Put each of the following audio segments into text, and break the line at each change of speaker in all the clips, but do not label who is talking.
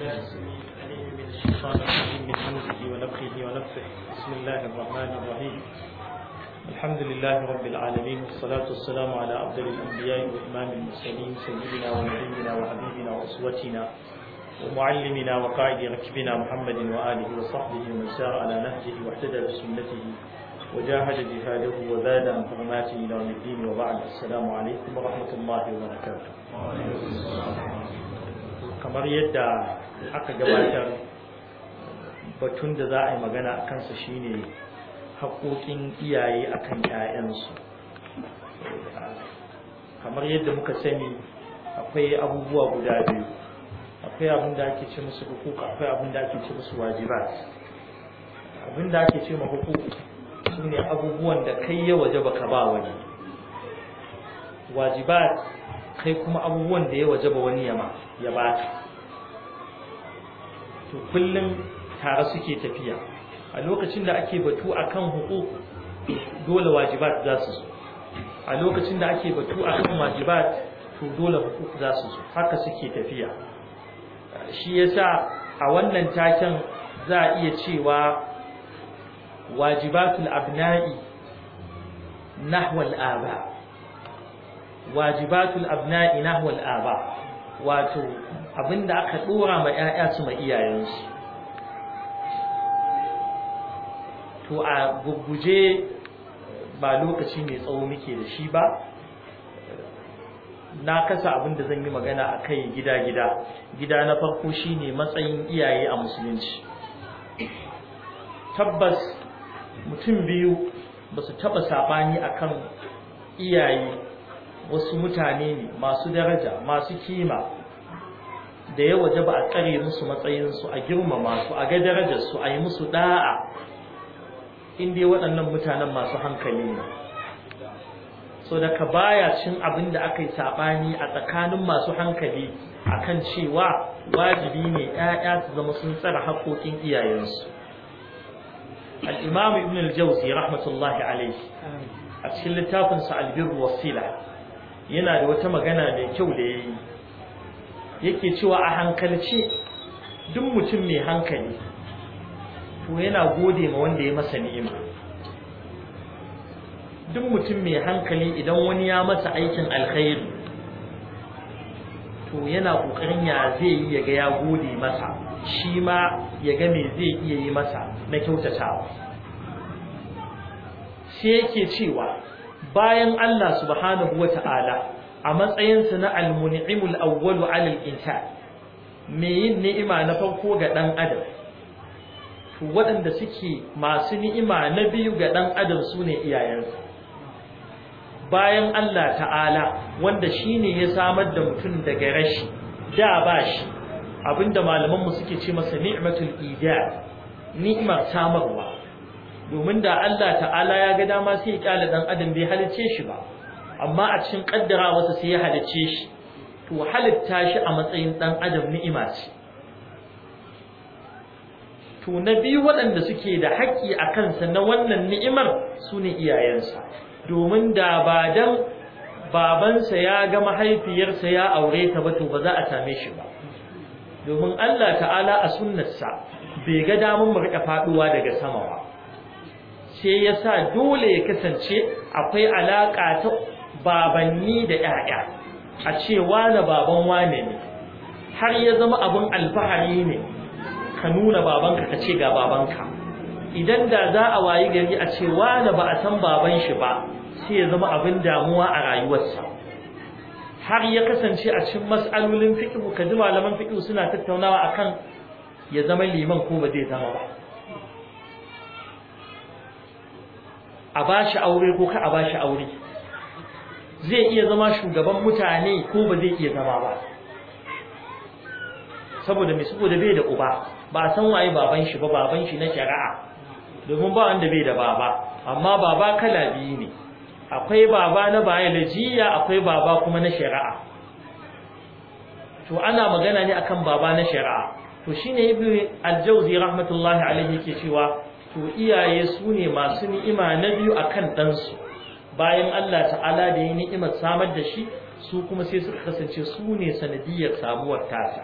بسم
الله الرحمن الرحيم الحمد لله رب العالمين والصلاة والسلام على أفضل الأنبياء وإمام المسلمين سيدنا ونبينا وحبيبنا وأسوتنا ومعلمنا وقائد ركبنا محمد وآله وصحبه ومن سار على نهجه واهتدى بسنته وجاهد جهاده وزاد عن حرماته إلى يوم الدين وبعد السلام عليكم ورحمة الله وبركاته. kamar yadda aka gabatar batun da za a yi magana a kansa shine haƙoƙin iyaye akan 'ya'yansu kamar yadda muka sani akwai abubuwa guda biyu akwai abin da ake ce musu hukuku akwai abin da ake ce musu wajibat abin da ake ce ma hukuku su ne abubuwan da kai ya waje baka ba wani wajibat kai kuma abubuwan da ya waje ba wani ya ba ta to kullum tare suke tafiya a lokacin da ake batu akan hukuku, dole wajibat za su su a lokacin da ake batu akan wajibat to dole hukuku za su su haka suke tafiya shi yasa a wannan taken za a iya cewa wajibatul abna'i nahwal aba wajibatul abna'i nahwal aba wato abinda aka dora ma ƴaƴa su ma iyayensu to a guguje ba lokaci mai tsawo muke da shi ba na kasa abin da zan yi magana a kai gida-gida gida na farko shine matsayin iyaye a musulunci tabbas mutum biyu ba su taba sabani akan iyaye wasu mutane ne masu daraja masu kima da ya waje ba a tsare musu matsayinsu a girmama su a ga darajarsu a yi musu da'a inda waɗannan mutanen masu hankali ne so ka baya cin abin da aka yi saɓani a tsakanin masu hankali a kan cewa wajibi ne ‘ya'ya su zama sun tsara haƙoƙin iyayensu al'imamu ibn al jawzi rahmatullahi alaihi a cikin littafinsa albirru wasila yana da wata magana mai kyau da yayi yake cewa a hankalci duk mutum mai hankali to yana gode ma wanda ya masa ni'ima duk mutum mai hankali idan wani ya masa aikin alkhairi to yana kokarin ya zai yi yaga ya gode masa shi ma yaga me zai iya yi masa na kyautatawa sai yake cewa bayan Allah subhanahu wa ta'ala a matsayinsa na almuni'imul awwalu alal insa me yin ni'ima na farko ga dan adam waɗanda suke masu ni'ima na biyu ga ɗan adam sune iyayensu. bayan Allah ta'ala wanda shi ne ya samar da mutum daga rashi da ba shi abinda malaman mu suke ce masa ni'matul ida ni'imar samarwa domin da Allah ta'ala ya ga dama sai ya kyale dan adam bai halice shi ba amma a cikin kaddara wasu sai ya halice shi to halitta shi a matsayin dan adam ni'ima ce to na biyu waɗanda suke da haƙƙi a kansa na wannan ni'imar su ne iyayensa domin da ba dan babansa ya ga mahaifiyarsa ya aure ta ba to ba za a same shi ba domin Allah ta'ala a sunnarsa bai ga damar mu rika faɗuwa daga sama ba sai ya sa dole ya kasance akwai alaƙa ta babanni da ‘ya'ya a ce wane baban wane ne har ya zama abin alfahari ne ka nuna babanka ka ce ga babanka idan da za a wayi gari a ce wane ba a san baban shi ba sai ya zama abin damuwa a rayuwarsa har ya kasance a cikin mas'alolin fiƙi ka ji malaman fiƙi suna tattaunawa akan ya zama liman ko ba zai zama ba a ba shi aure ko ka a ba shi aure zai iya zama shugaban mutane ko ba zai iya zama ba saboda mai saboda bai da uba ba san waye baban shi ba baban shi na shari'a domin ba wanda bai da baba amma baba kala biyu ne akwai baba na biology akwai baba kuma na shari'a to ana magana ne akan baba na shari'a to shine ibnu al-jawzi rahmatullahi alaihi yake cewa to iyaye su ne masu ni'ima na biyu a kan ɗansu bayan Allah ta'ala da ya ni'imar samar da shi su kuma sai suka kasance su ne sanadiyar samuwar tasa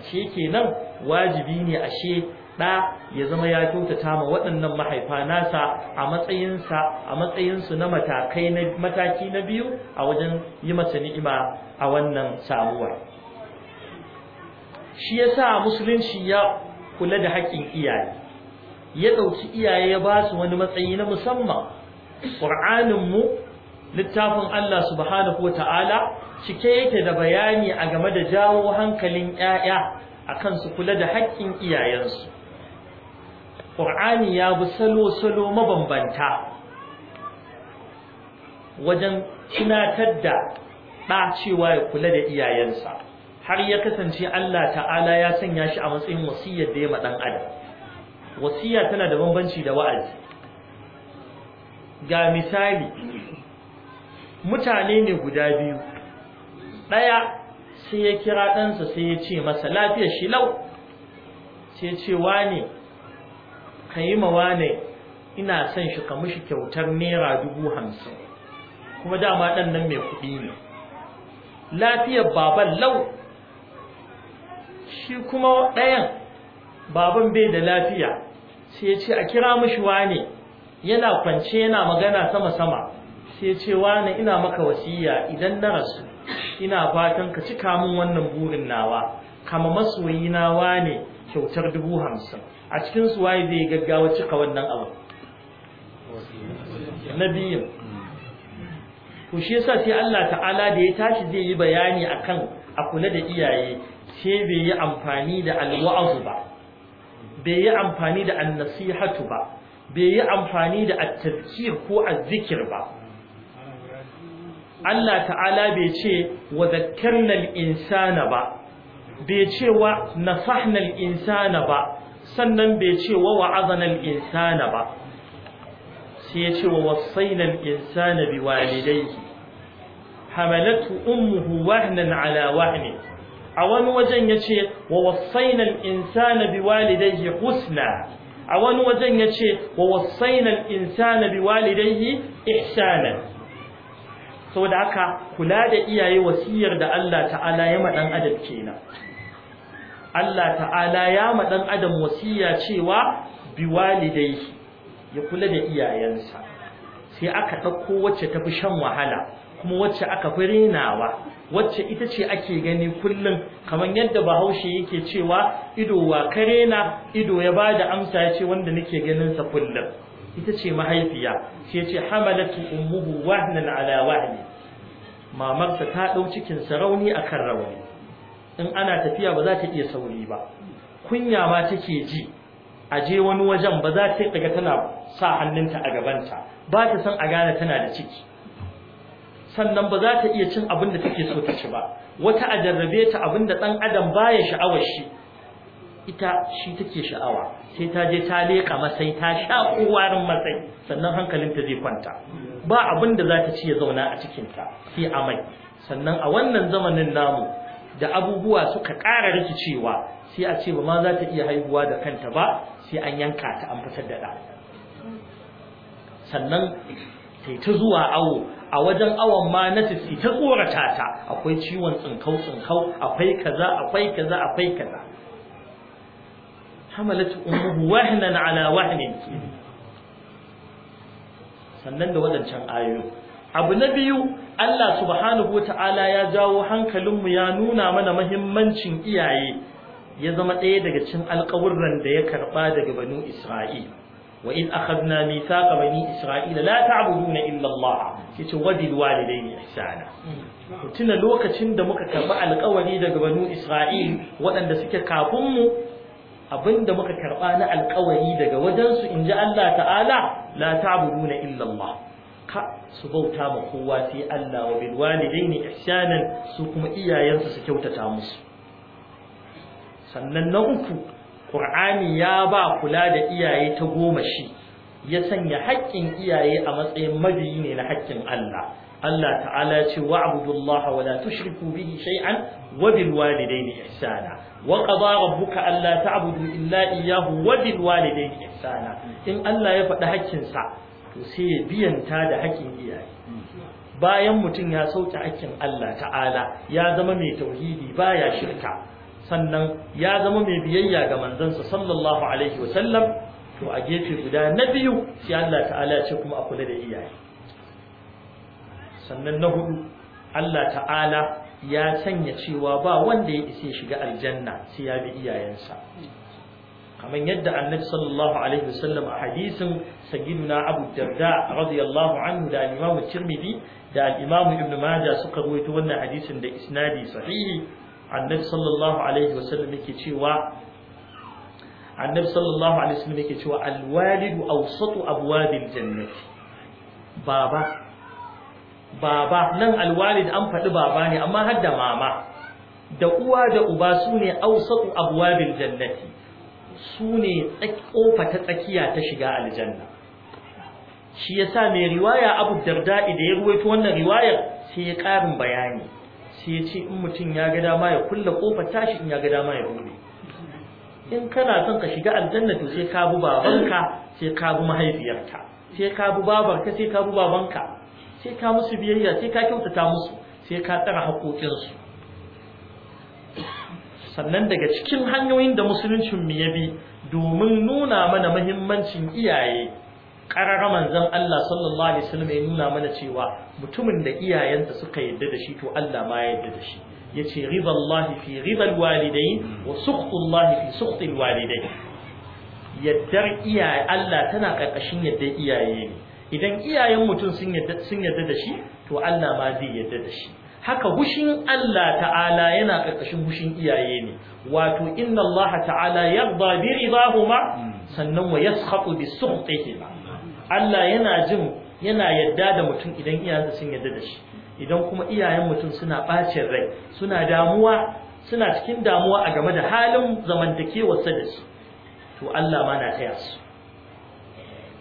ashe kenan wajibi ne ashe ɗa ya zama ya kyautata ma waɗannan mahaifa nasa a matsayinsa a matsayinsu na matakai na mataki na biyu a wajen yi masa ni'ima a wannan samuwar shi yasa musulunci ya kula da haƙƙin iyaye ya ɗauki iyaye ya basu wani matsayi na musamman ƙur'aninmu littafin Allah subhanahu wa ta'ala cike yake da bayani a game da jawo hankalin ‘ya'ya a kan su kula da haƙƙin iyayensu ƙur'ani ya bi salo-salo mabambanta wajen tunatar da ɗa cewa ya kula da iyayensa har ya kasance Allah ta'ala ya sanya shi a matsayin wasiyyar da ya ma ɗan adam wasiya tana da bambanci da wa'azi ga misali mutane ne guda biyu ɗaya sai ya kira ɗansa sai ya ce masa lafiyar shi lau sai ce wane ka yi ma wane ina son shi ka mishi kyautar naira dubu hamsin kuma dama ɗan nan mai kuɗi ne lafiyar baban lau shi kuma ɗayan baban bai da lafiya sai ya ce a kira mashi wane yana kwance yana magana sama-sama sai ya ce wane ina maka wasiya idan na rasu ina fatan ka cika min wannan burin nawa kama masoyi na wane kyautar dubu hamsin a cikin su waye zai gaggawa cika wannan abu na biyun to shi yasa sai Allah ta'ala da ya tashi zai yi bayani akan a kula da iyaye sai bai yi amfani da alwa'azu ba bai yi amfani da annasihatu ba bai yi amfani da at-tazkir ko az-zikr ba Allah ta'ala bai ce wa zakkarna insana ba bai ce wa nasahna insana ba sannan bai ce wa wa'azana al-insana ba sai ya ce wa wasaina al-insana biwalidayhi hamalatu ummuhu wahnan ala wahnin a wani wajen yace wa wasainal insana biwalidayhi husna a wani wajen yace wa wasainal insana biwalidayhi ihsana saboda haka kula da iyaye wasiyar da Allah ta'ala ya ma dan adam kenan Allah ta'ala ya ma adam wasiya cewa biwalidayhi ya kula da iyayensa sai aka ɗauko wacce tafi shan wahala kuma wacce aka fi renawa wacce ita ce ake gani kullum kamar yadda bahaushe yake cewa ido wa kare na ido ya ba da amsa ya ce wanda nake ganin sa kullum ita ce mahaifiya ce ce hamalatu ummuhu wahnan ala wahni mamarsa ta dau cikin sarauni akan rauni in ana tafiya ba za ta iya sauri ba kunya ma take ji a je wani wajen ba za ta daga tana sa hannunta a gabanta ba ta san a gane tana da ciki sannan ba za ta iya cin abin da take so ta ci ba wata a jarrabe ta abin da ɗan adam baya sha'awar shi ita shi take sha'awa sai ta je ta leƙa masai ta sha kowarin masai sannan hankalinta zai kwanta ba abin da za ta ci ya zauna a cikin ta, sai amai sannan a wannan zamanin namu da abubuwa suka ƙara rikicewa sai a ce ba ma za ta iya haihuwa da kanta ba sai an yanka ta an fitar da ɗa sannan sai ta zuwa awo a wajen awon ma na tafi ta korata ta akwai ciwon tsinkau tsinkau akwai kaza akwai kaza akwai kaza hamalat ummuhu wahnan ala wahnin sannan da wadancan ayoyi abu na biyu Allah subhanahu wataala ya jawo hankalinmu ya nuna mana muhimmancin iyaye ya zama ɗaya daga cikin alƙawurran da ya karɓa daga banu Isra'ila وإذ أخذنا ميثاق بني إسرائيل لا تعبدون إلا الله يتوذي الوالدين إحسانا tuna lokacin da muka karɓi alƙawari daga banu Isra'il waɗanda suke kafin mu abinda muka karɓa na alƙawari daga wajensu su inji Allah ta'ala la ta'buduna illa Allah ka su bauta ma kowa sai Allah wa bil walidaini ihsanan su kuma iyayensu su kyautata musu sannan na uku Qur'ani ya ba kula da iyaye ta goma shi ya sanya haƙƙin iyaye a matsayin mabiyi ne na haƙƙin Allah Allah ta'ala ce wa'budullaha wa la tushriku bihi shay'an wa bil walidayni ihsana wa qada rabbuka alla ta'budu illa iyyahu wa bil walidayni ihsana in Allah ya faɗi haƙƙin sa to sai ya biyanta da haƙƙin iyaye bayan mutum ya sauke haƙƙin Allah ta'ala ya zama mai tauhidi baya shirka sannan ya zama mai biyayya ga manzansa sallallahu alaihi wa sallam to a gefe guda na biyu sai Allah ta'ala ya ce kuma a kula da iyaye sannan na hudu Allah ta'ala ya sanya cewa ba wanda ya isa shiga aljanna sai ya bi iyayensa kamar yadda annabi sallallahu alaihi sallam, a hadisin sayyiduna abu darda radiyallahu anhu da imamu tirmidhi da al Ibn ibnu majah suka rawaito wannan hadisin da isnadi sahihi annabi sallallahu alaihi wasallam yake cewa annabi sallallahu alaihi wasallam yake cewa alwalidu awsatu abwabil jannati baba baba nan alwalid an faɗi baba ne amma har da mama da uwa da uba su ne ausatu abwabil jannati su ne kofa ta tsakiya ta shiga aljanna shi yasa mai riwaya abu darda'i da ya ruwaito wannan riwayar sai ya ƙarin bayani shi ya ce in mutum ya ga dama ya kulle kofa tashi in ya ga dama ya bude in kana son ka shiga aljanna to sai ka bu babanka sai ka bu mahaifiyarka sai ka bu babarka sai ka bu babanka sai ka musu biyayya sai ka kyautata musu sai ka tsara haƙoƙinsu sannan daga cikin hanyoyin da musuluncin mu ya bi domin nuna mana muhimmancin iyaye ƙararra manzon Allah sallallahu alaihi wasallam ya nuna mana cewa mutumin da iyayensa suka yadda da shi to Allah ma ya yadda da shi yace ridallahi fi ridal walidayn wa sukhtullahi fi sukhtil walidayn yaddar iyaye Allah tana karkashin yaddar iyaye ne idan iyayen mutum sun yadda sun yadda da shi to Allah ma zai yadda da shi haka hushin Allah ta'ala yana karkashin hushin iyaye ne wato inna Allah ta'ala yarda bi ridahuma hmm. sannan wa yaskhatu bi sukhtihi Allah yana jin yana yadda da mutum idan iyayensa sun yadda da shi idan kuma iyayen mutum suna ɓacin rai suna damuwa suna cikin damuwa a game da halin zamantakewarsa da su, to Allah ma na taya su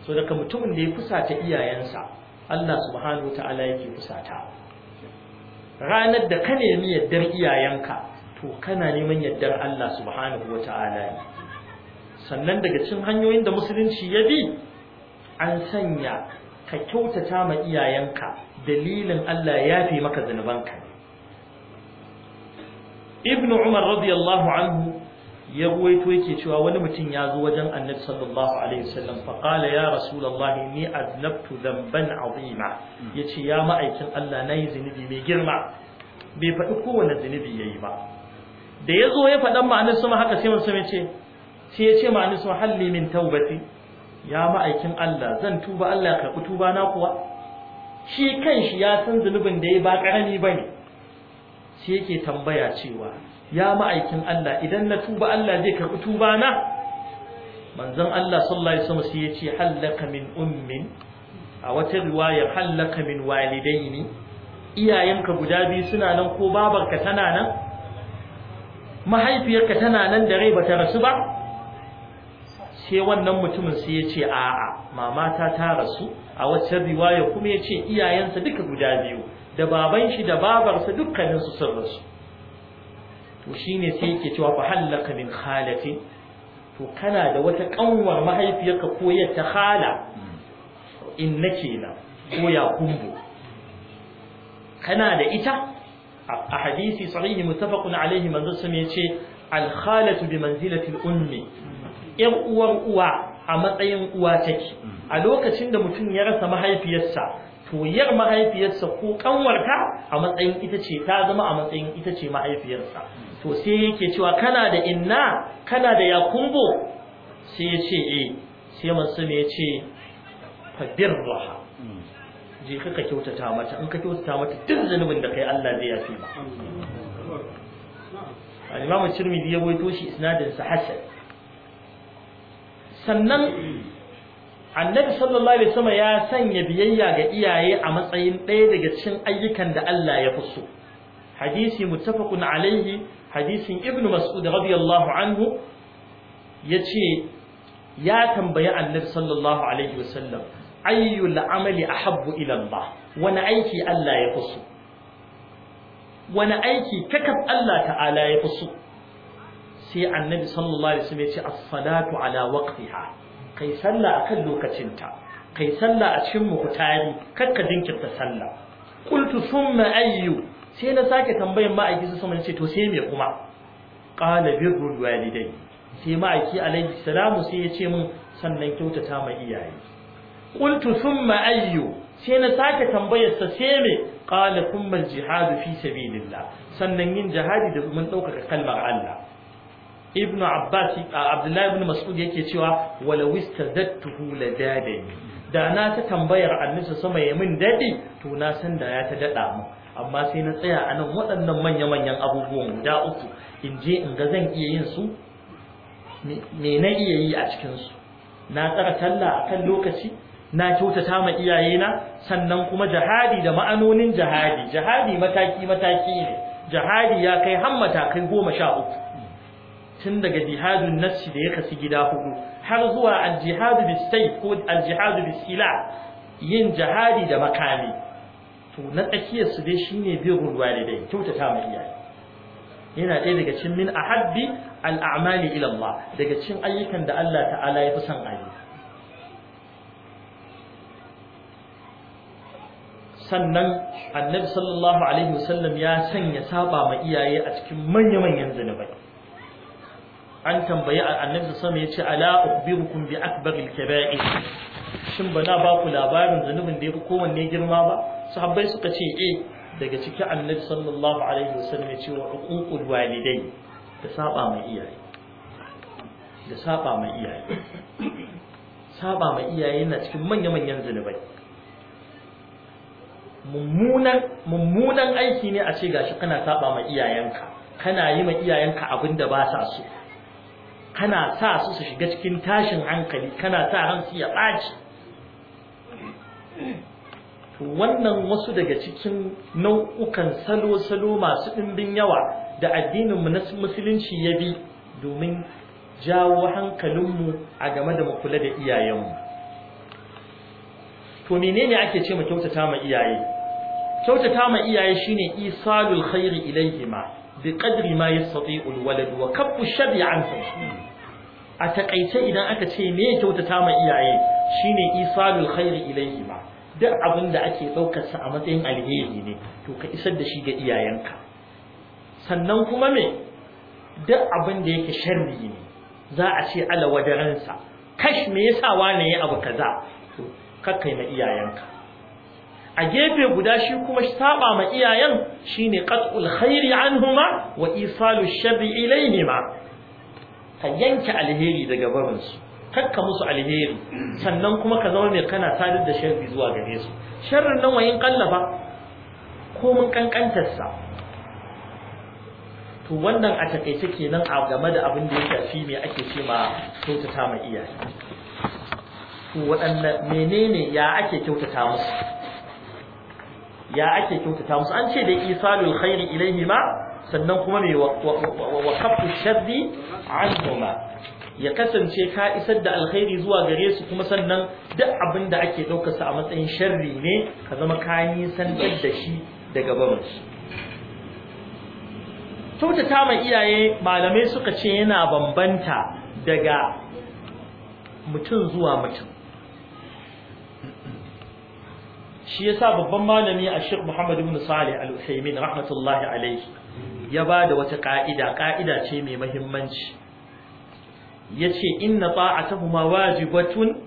so daga mutumin da ya kusata iyayensa Allah subhanahu ta'ala yake kusata ranar da ka nemi yaddar iyayenka to kana neman yaddar Allah subhanahu ta'ala sannan daga cin hanyoyin da musulunci ya bi an sanya ka kyautata ma iyayenka dalilin Allah ya fi maka zunubanka ibn umar radiyallahu anhu ya ruwaito yake cewa wani mutum ya zo wajen annabi sallallahu alaihi wasallam fa qala ya rasulullahi ni aznabtu dhanban azima yace ya ma'aikin Allah nayi zunubi mai girma bai faɗi kowane zunubi yayi ba da ya zo ya faɗan ma'anar sama haka sai mun ya ce sai ya ce ma'anar sama halli min taubati ya ma'aikin Allah zan tuba Allah ya karɓi tuba na kuwa shi kanshi ya san zunubin da ya ba ƙarami ba ne shi yake tambaya cewa ya ma'aikin Allah idan na tuba Allah zai karɓi tuba na manzon Allah sallallahu alaihi wasallam sai ya ce hallaka min ummin a wata riwayar hallaka min walidaini iyayenka guda biyu suna nan ko babarka tana nan mahaifiyarka tana nan da rai bata rasu ba sai wannan mutumin sai ya ce a'a mamata ta rasu a wacce riwaya kuma ya ce iyayensa duka guda biyu da baban shi da babarsa dukkaninsu sun rasu to shine sai yake cewa fa halaka min khalati to kana da wata kanwar mahaifiyarka ko ya ta khala in nake na ko ya kumbu kana da ita a hadisi sahihi muttafaqun alaihi manzo sun yace al khalatu bi manzilati al ummi 'yan uwan uwa a matsayin uwa take a lokacin da mutum ya rasa mahaifiyarsa to yar mahaifiyarsa ko kanwarta a matsayin ita ce ta zama a matsayin ita ce mahaifiyarsa to sai yake cewa kana da inna kana da yakumbo sai ya ce eh sai mansum ya ce fadirraha je ka kyautata mata in ka kyautata mata duk zanubin da kai Allah zai yafi ba al-Imam Tirmidhi ya shi isnadin sa hasan sannan annabi sallallahu alaihi wasallam ya sanya biyayya ga iyaye a matsayin ɗaya daga cikin ayyukan da Allah ya fi hadisi muttafaqun alaihi hadisin ibnu mas'ud radiyallahu anhu yace ya tambayi annabi sallallahu alaihi wasallam ayyu amali ahabbu ila Allah wani aiki Allah ya fi wani aiki kakaf Allah ta'ala ya fi sai annabi sallallahu alaihi wasallam ya ce as-salatu ala waqtiha kai sallah akan lokacinta kai sallah a cikin mukutari kar ka jinkirta sallah qultu thumma ayyu sai na sake tambayin ma'aiki su sama ce to sai me kuma qala birrul walidai sai ma'aiki alaihi salamu sai ya ce min sannan kyautata ma iyaye qultu thumma ayyu sai na sake tambayar sa sai me qala thumma al-jihad fi sabilillah sannan yin jihadi da mun dauka kalmar Allah ibn abbas abdullahi ibn mas'ud yake cewa walau istazattuhu ladadani da na ta tambayar annisa sama ya min dadi to na san da ya ta dada mu amma sai na tsaya a nan waɗannan manya-manyan abubuwan Da uku in je in ga zan iya yin su me na iya yi a cikin su na tsara talla a kan lokaci na kyautata ma iyayena sannan kuma jihadi da ma'anonin jihadi jihadi mataki-mataki ne jihadi ya kai har matakai goma sha uku tun daga jihadun Nasi da ya kasu gida hudu har zuwa aljihadu bis ko aljihadu bis sila yin jihadi da makami to na tsakiyar su dai shine birrul walidai kyautata ma iyaye yana ɗaya daga cikin min ahabbi al'amali ila Allah daga cikin ayyukan da Allah ta'ala ya fi son ayi sannan annabi sallallahu alaihi wasallam ya sanya saba ma iyaye a cikin manya-manyan zinubai an tambayi annabi sama yace ala ukhbirukum bi akbaril kaba'ir shin bana ba ku labarin zanubin da yafi kowanne girma ba sahabbai suka ce eh daga ciki annabi sallallahu alaihi wasallam ya ce wa uququl walidai da saba mai iyaye da saba mai iyaye saba mai iyaye yana cikin manya-manyan zanubai mummunan mummunan aiki ne a ce gashi kana saba mai iyayenka kana yi ma iyayenka abin da ba sa so kana sa su su shiga cikin tashin hankali kana sa hansu ya ɓaci wannan wasu daga cikin nau'ukan salo-salo masu ɗimbin yawa da addininmu na musulunci ya bi domin jawo hankalinmu a game da makula da iyayenmu to menene ake ce ma kyautata ma iyaye kyautata ma iyaye shine isalul khairi ilayhima bi qadri ma yastati'ul walad wa kaffu shabi'an a takaice idan aka ce me kyautata ma iyaye shine isalul khairi ilayhi duk abin da ake daukar sa a matsayin alheri ne to ka isar da shi ga iyayenka sannan kuma me duk abin da yake sharri ne za a ce ala wadaransa kash me yasa wane ya abu kaza to kakkai ma iyayenka a gefe guda shi kuma saba ma iyayen shine qat'ul khairi anhuma wa isalu sharri ilayhima ka yanke alheri daga barinsu kakka musu alheri sannan kuma ka zama mai kana sadar da sharri zuwa gare su sharrin nan wayin kallafa ko mun kankantar to wannan a takaice kenan a game da abin da ya shafi me ake ce ma kyautata ma iyaye to waɗanne menene ya ake kyautata musu ya ake kyautata musu an ce da isalul khairi ma sannan kuma mai wakafu sharri anhuma ya kasance ka isar da alkhairi zuwa gare su kuma sannan duk abin da ake ɗaukarsa a matsayin sharri ne ka zama ka nisantar da shi daga barinsu kyautata mai iyaye malamai suka ce yana bambanta daga mutum zuwa mutum shi yasa babban malami a shir Muhammadu ibn salih al-usaimin rahmatullahi alaihi ya ba da wata ƙa'ida ƙa'ida ce mai mahimmanci ya ce inna ta'atahuma wajibatun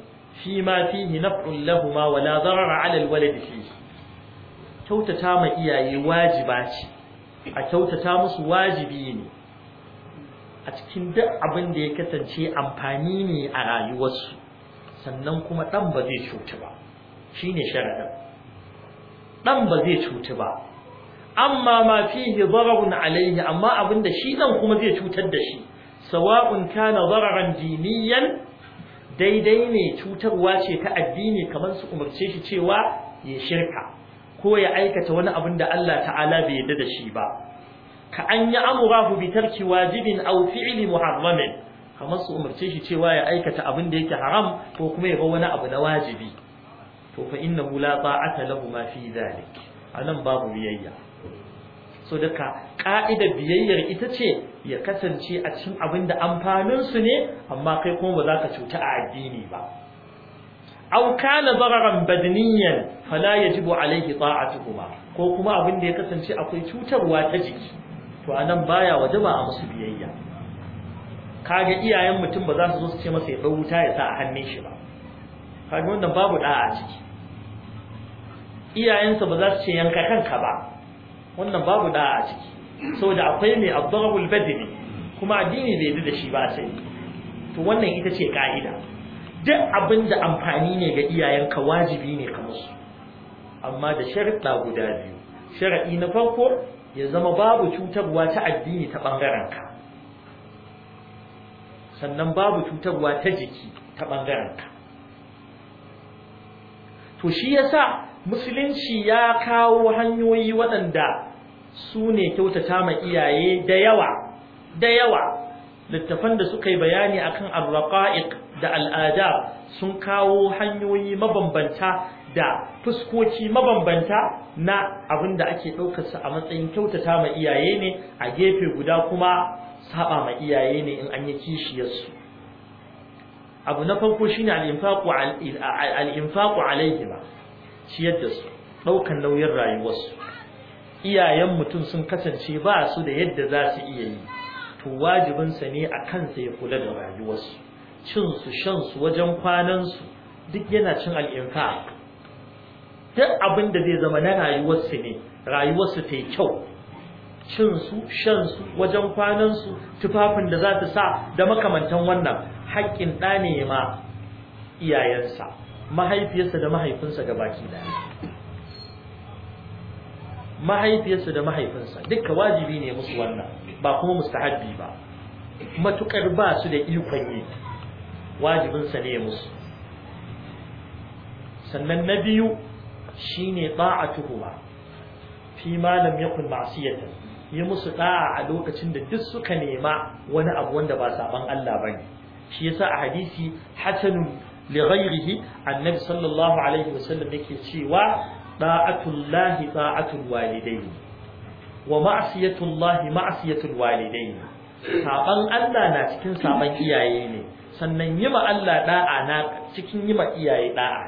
fi ma fihi naf'un lahuma wa la darara 'ala al kyautata ma iyaye wajiba ce a kyautata musu wajibi ne a cikin duk abin da ya kasance amfani ne a rayuwarsu sannan kuma ɗan ba zai cutu ba shine sharaɗin ɗan ba zai cutu ba amma ma fihi dararun alayhi amma abinda shi nan kuma zai cutar da shi sawa'un kana dararan diniyan daidai ne cutarwa ce ta addini kamar su umarce shi cewa ya shirka ko ya aikata wani abin da Allah ta'ala bai yarda da shi ba ka an yi amurahu bi tarki wajibin aw fi'li muharramin kamar su umarce shi cewa ya aikata abin da yake haram ko kuma ya ga wani abu na wajibi to fa innahu la ta'ata lahu ma fi dhalik anan babu biyayya so daga ka'idar biyayyar ita ce ya kasance a cikin abin da amfanin ne amma kai kuma ba za ka cuta a addini ba aw kana dararan badniyan fala yajibu alayhi kuma. ko kuma abin da ya kasance akwai cutarwa ta jiki to anan baya waje ba a musu biyayya kaga iyayen mutum ba za su zo su ce masa ya bar wuta ya sa a hannun shi ba kaga wannan babu da'a a ciki iyayensa ba za su ce yanka kanka ba wannan babu da a ciki saboda akwai mai abdarabul badini kuma addini bai yi da shi ba sai to wannan ita ce ka'ida duk abin da amfani ne ga iyayenka wajibi ne ka musu amma da sharuɗa guda biyu sharaɗi na farko ya zama babu cutarwa ta addini ta ɓangarenka sannan babu cutarwa ta jiki ta ɓangarenka to shi yasa musulunci ya kawo hanyoyi waɗanda su ne kyautata ma iyaye da yawa da yawa littafan da suka yi bayani akan arraqa'iq da al'ada sun kawo hanyoyi mabambanta da fuskoci mabambanta na abin da ake ɗaukar su a matsayin kyautata ma iyaye ne a gefe guda kuma saba ma iyaye ne in an yi kishiyarsu abu na farko shine al-infaqu al-infaqu alaihima ciyar da su ɗaukan nauyin rayuwarsu iyayen mutum sun kasance ba su da yadda za su iya yi to wajibinsa ne a kansa ya kula da rayuwarsu shan su wajen kwanan su duk yana cin al'inka duk abin da zai zama na rayuwarsu ne rayuwarsu ta yi kyau shan su wajen kwanansu tufafin da za ta sa da makamantan wannan haƙƙin ɗa ne ma iyayensa mahaifiyarsa da mahaifinsa gabaki ɗaya Mahaifiyarsa da mahaifinsa duka wajibi ne musu wannan ba kuma mustahabbi ba matukar ba su da ikon yi wajibinsa ne musu sannan na biyu shine ta'atuhuma fi malam ya yakun ma'siyatan yi musu ɗa'a a lokacin da duk suka nema wani abu wanda ba saban Allah bane shi yasa a hadisi hasanun li ghairihi annabi sallallahu alaihi wasallam yake cewa ɗa'atullahi ɗa'atul walidai wa ma'asiyatullahi ma'asiyatul walidai saban Allah na cikin saban iyaye ne sannan yi ma Allah da'a na cikin yi ma iyaye da'a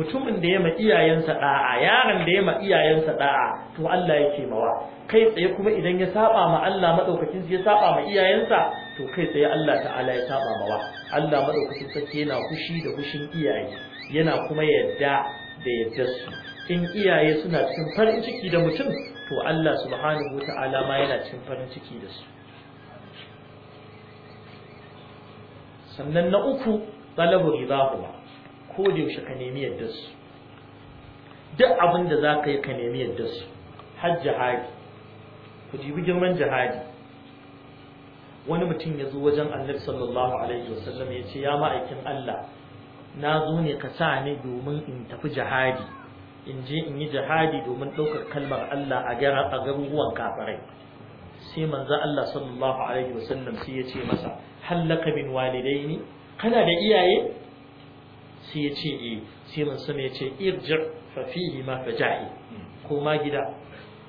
mutumin da ya ma iyayensa da'a yaron da ya ma iyayensa da'a to Allah yake mawa kai tsaye kuma idan ya saba ma Allah madaukakin ya saba ma iyayensa to kai tsaye Allah ta'ala ya saba mawa Allah madaukakin sake yana fushi da kushin iyaye yana kuma yadda da yadda su in iyaye suna cikin farin ciki da mutum to Allah subhanahu wata'ala ma yana cikin farin ciki da su sannan na uku talabu ridahuwa ko da yaushe ka nemi yadda su duk abin da zaka yi ka nemi yadda su har jihadi ku jibi girman jihadi wani mutum ya zo wajen Annabi sallallahu alaihi wasallam ya ce ya ma'aikin Allah na zo ne ka sa ni domin in tafi jihadi in je in yi jihadi domin ɗaukar kalmar Allah a garuruwan kafirai sai manzo Allah sallallahu alaihi wasallam sai ya ce masa hallaka min walidaini kana da iyaye sai ya ce eh sai manzo ya ce irji fa fihi ma fajahi ko ma gida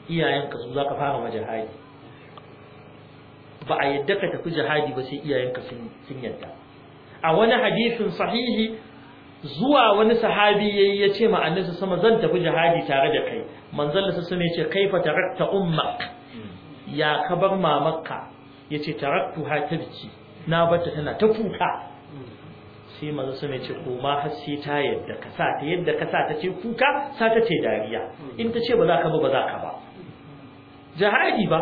iyayenka su zaka fara ma jihadi ba a yadda ka tafi jihadi ba sai iyayenka sun yadda a wani hadisin sahihi zuwa wani sahabi yayi ya ce ma annabi sama zan tafi jihadi tare da kai manzon Allah sama yace kaifa tarakta ummak hmm. ya kabar mamakka yace ha tabki na barta tana ta kuka hmm. sai manzon sama yace ko ma har sai ta yadda ka sa ta yadda ka sa ta ce kuka sa ta ce dariya hmm. in ta ce ba za ka ba ba za ka ba jihadi ba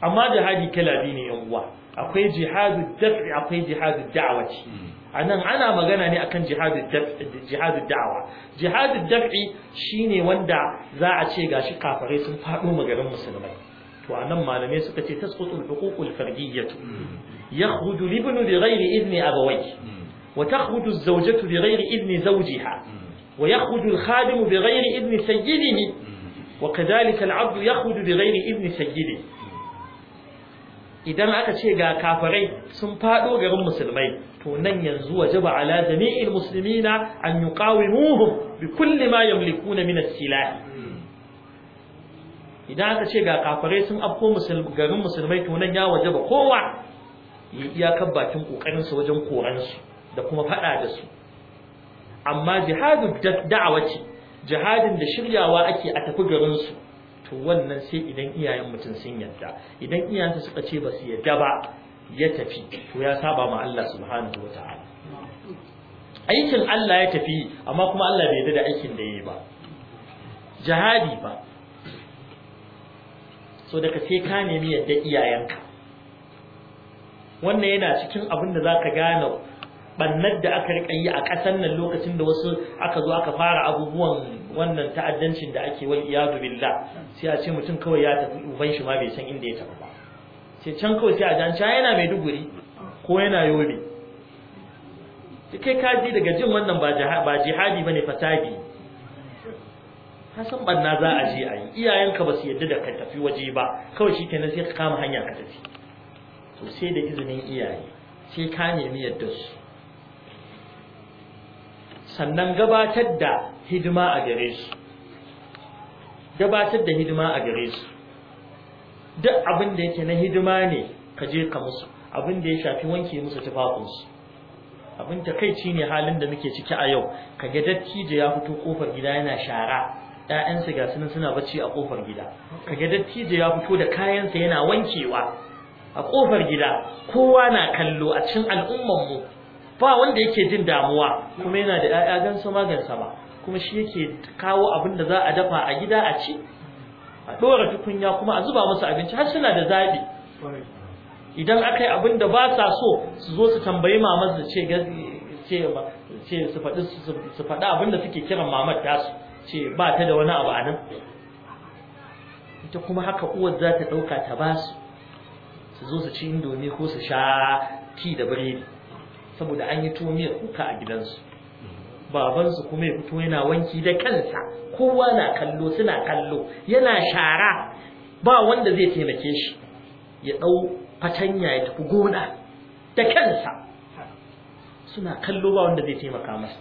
amma jihadi kala biyu ne yan uwa akwai jihadu daf'i akwai jihadu da'awati anan ana magana ne akan jihadud da'wa jihadud daf'i shine wanda za a ce gashi kafirai sun fado magarin musulmai to anan malamai suka ce tasqutul huququl fardiyyatu yakhruj libnu bighairi idni abawayhi hmm. wa takhruj az-zawjatu bighairi idni zawjiha hmm. wa yakhruj al-khadimu bighairi idni sayyidihi وكذلك abdu يخرج بغير إذن سيده idan aka ce ga kafirai sun fado garin musulmai to nan yanzu wajaba ala jami'il muslimina an yuqawimuhum bi kulli ma yamlikuna min as-silah idan aka ce ga kafirai sun afko garin musulmai to nan ya wajaba kowa ya iyakar bakin kokarin su wajen koran su da kuma fada da su amma jihadu da'awati jihadin da shiryawa ake a tafi garin su to wannan sai idan iyayen mutum sun yadda idan iyayensa suka ce ba su yadda ba ya tafi to ya saba ma Allah subhanahu wataala aikin Allah ya tafi amma kuma Allah bai yadda da aikin da yayi ba jihadi ba so daga sai ka nemi yadda iyayenka wannan yana cikin abin da zaka gane bannar da aka rika yi a ƙasar nan lokacin da wasu aka zo aka fara abubuwan wannan ta'addancin da ake wal iyadu billah sai a ce mutum kawai ya tafi uban shi ma bai san inda ya tafi ba sai can kawai sai a jan cha yana mai duguri ko yana yobe kai ka ji daga jin wannan ba jihadi bane fasadi hasan banna za a je ayi iyayenka ba su yadda da ka tafi waje ba kawai shi kenan sai ka kama hanya ka tafi to sai da izinin iyaye sai ka nemi yadda su sannan gabatar da hidima a gare su gabatar da hidima a gare su duk abin da yake na hidima ne ka je ka musu abin da ya shafi wanke musu tufafinsu abin takaici ne halin da muke ciki a yau ka ga dattijo ya fito kofar gida yana shara ‘ya'yansa ga sunan suna bacci a kofar gida ka ga dattijo ya fito da kayansa yana wankewa a kofar gida kowa na kallo a cikin mu. ba wanda yake jin damuwa kuma yana da ƴaƴa gansa su magansa ba kuma shi yake kawo abin da za a dafa a gida a ci a ɗora tukunya kuma a zuba musu abinci har suna da zaɓi idan aka yi abin da ba sa so su zo su tambayi mamar su ce su faɗi abin da suke kiran mamar su ce ba ta da wani abu a ita kuma haka uwar za ta ɗauka ta ba su su zo su ci indomi ko su sha ti da biredi saboda an yi tuwo miyar kuka a gidansu babansu kuma ya fito yana wanki da kansa kowa na kallo suna kallo yana shara ba wanda zai taimake shi ya ɗau fatanya ya tafi gona da kansa suna kallo ba wanda zai taimaka masa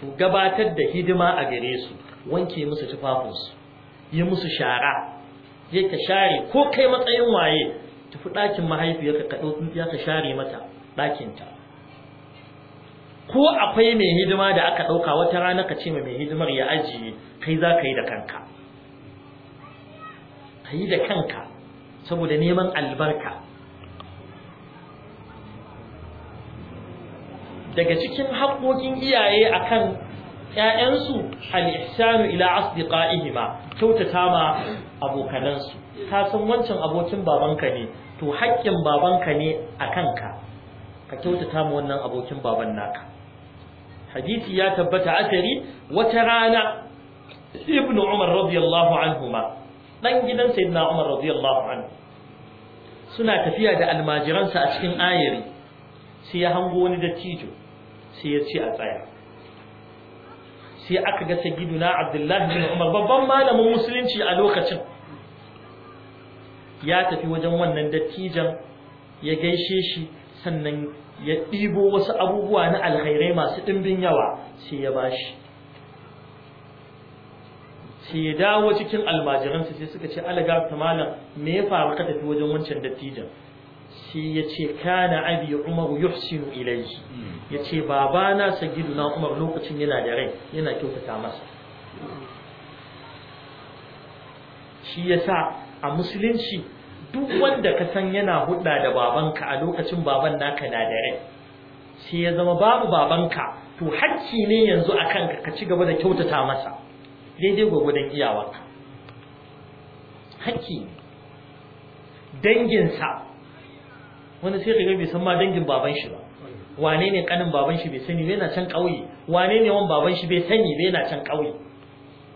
to gabatar da hidima a gare su wanke musu tufafinsu yi musu shara yake share ko kai matsayin waye tafi ɗakin mahaifiyarka ka ɗau tsintsiya ka share mata ɗakinta ko akwai mai hidima da aka ɗauka wata rana ka ce mai hidimar ya ajiye kai za ka yi da kanka ka yi da kanka saboda neman albarka daga cikin haƙoƙin iyaye akan ƴaƴansu al-ihsanu ila asdiqaihima kyautata ma abokanansu ka san wancan abokin babanka ne to haƙƙin babanka ne a kanka ka kyautata ma wannan abokin baban naka hadisi ya tabbata asari wata rana ibnu umar radiyallahu ma, dan gidan sayyidina umar radiyallahu anhu suna tafiya da almajiransa a cikin ayari sai ya hango wani dattijo sai ya ce a tsaya sai aka ga na abdullahi bin umar babban malamin musulunci a lokacin ya tafi wajen wannan dattijan ya gaishe shi sannan ya ɗibo wasu abubuwa na alkhairai masu ɗimbin yawa sai ya bashi sai ya dawo cikin almajiransa sai suka ce ta malam me ya faru ka tafi wajen wancan dattijan shi ya ce kana abi umaru yuhsinu ilaihi hmm. ya ce babana na umar lokacin yana da rai yana kyautata masa shi ya sa a musulunci duk wanda ka san yana hudda da babanka a lokacin baban naka na da rai sai ya zama babu babanka to hakki ne yanzu a kanka ka ci gaba da kyautata masa daidai gwagwadon iyawarka hakki ne danginsa wani sai kaga bai san ma dangin baban shi ba wane ne kanin baban shi bai sani bai na can ƙauye wane ne wan baban shi bai sani bai na can ƙauye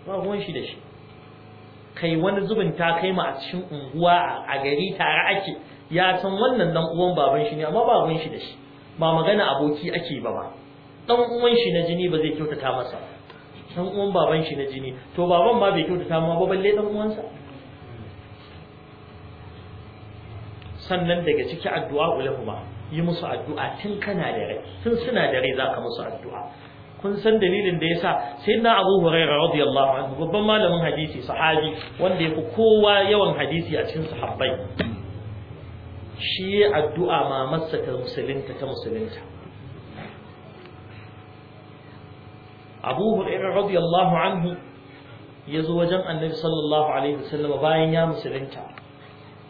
ba ruwan shi da shi kai wani zubin ta kai ma a cikin unguwa a gari tare ake ya san wannan dan uwan baban shi ne amma ba ruwan shi da shi ba magana aboki ake ba ba dan uwan shi na jini ba zai kyautata masa dan uwan baban shi na jini to baban ma bai kyautata ma ba balle dan uwansa sannan daga ciki addu'a ulahuma yi musu addu'a tun kana da rai tun suna da rai zaka musu addu'a kun san dalilin da yasa na Abu Hurairah radiyallahu anhu babban malamin hadisi sahabi wanda yafi kowa yawan hadisi a cikin sahabbai shi addu'a mamarsa ta musulunta ta musulunta Abu Hurairah radiyallahu anhu yazo wajen Annabi sallallahu alaihi wasallam bayan ya musulunta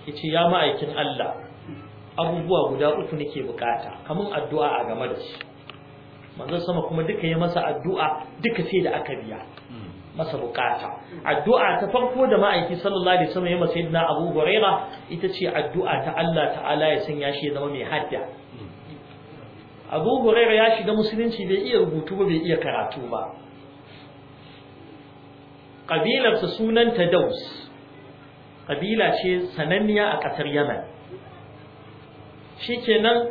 yace ya ma'aikin Allah abubuwa guda uku nake bukata kamun addu'a a game da su manzon sama kuma duka ya masa addu'a duka sai da aka biya masa bukata addu'a ta farko da ma'aiki sallallahu alaihi wasallam ya masa sayyidina Abu Huraira ita ce addu'a ta Allah ta'ala ya sanya shi ya zama mai hadda Abu Huraira ya shiga musulunci bai iya rubutu ba bai iya karatu ba kabilarsa sunanta Daus ƙabila ce sananniya a ƙasar yaman shi kenan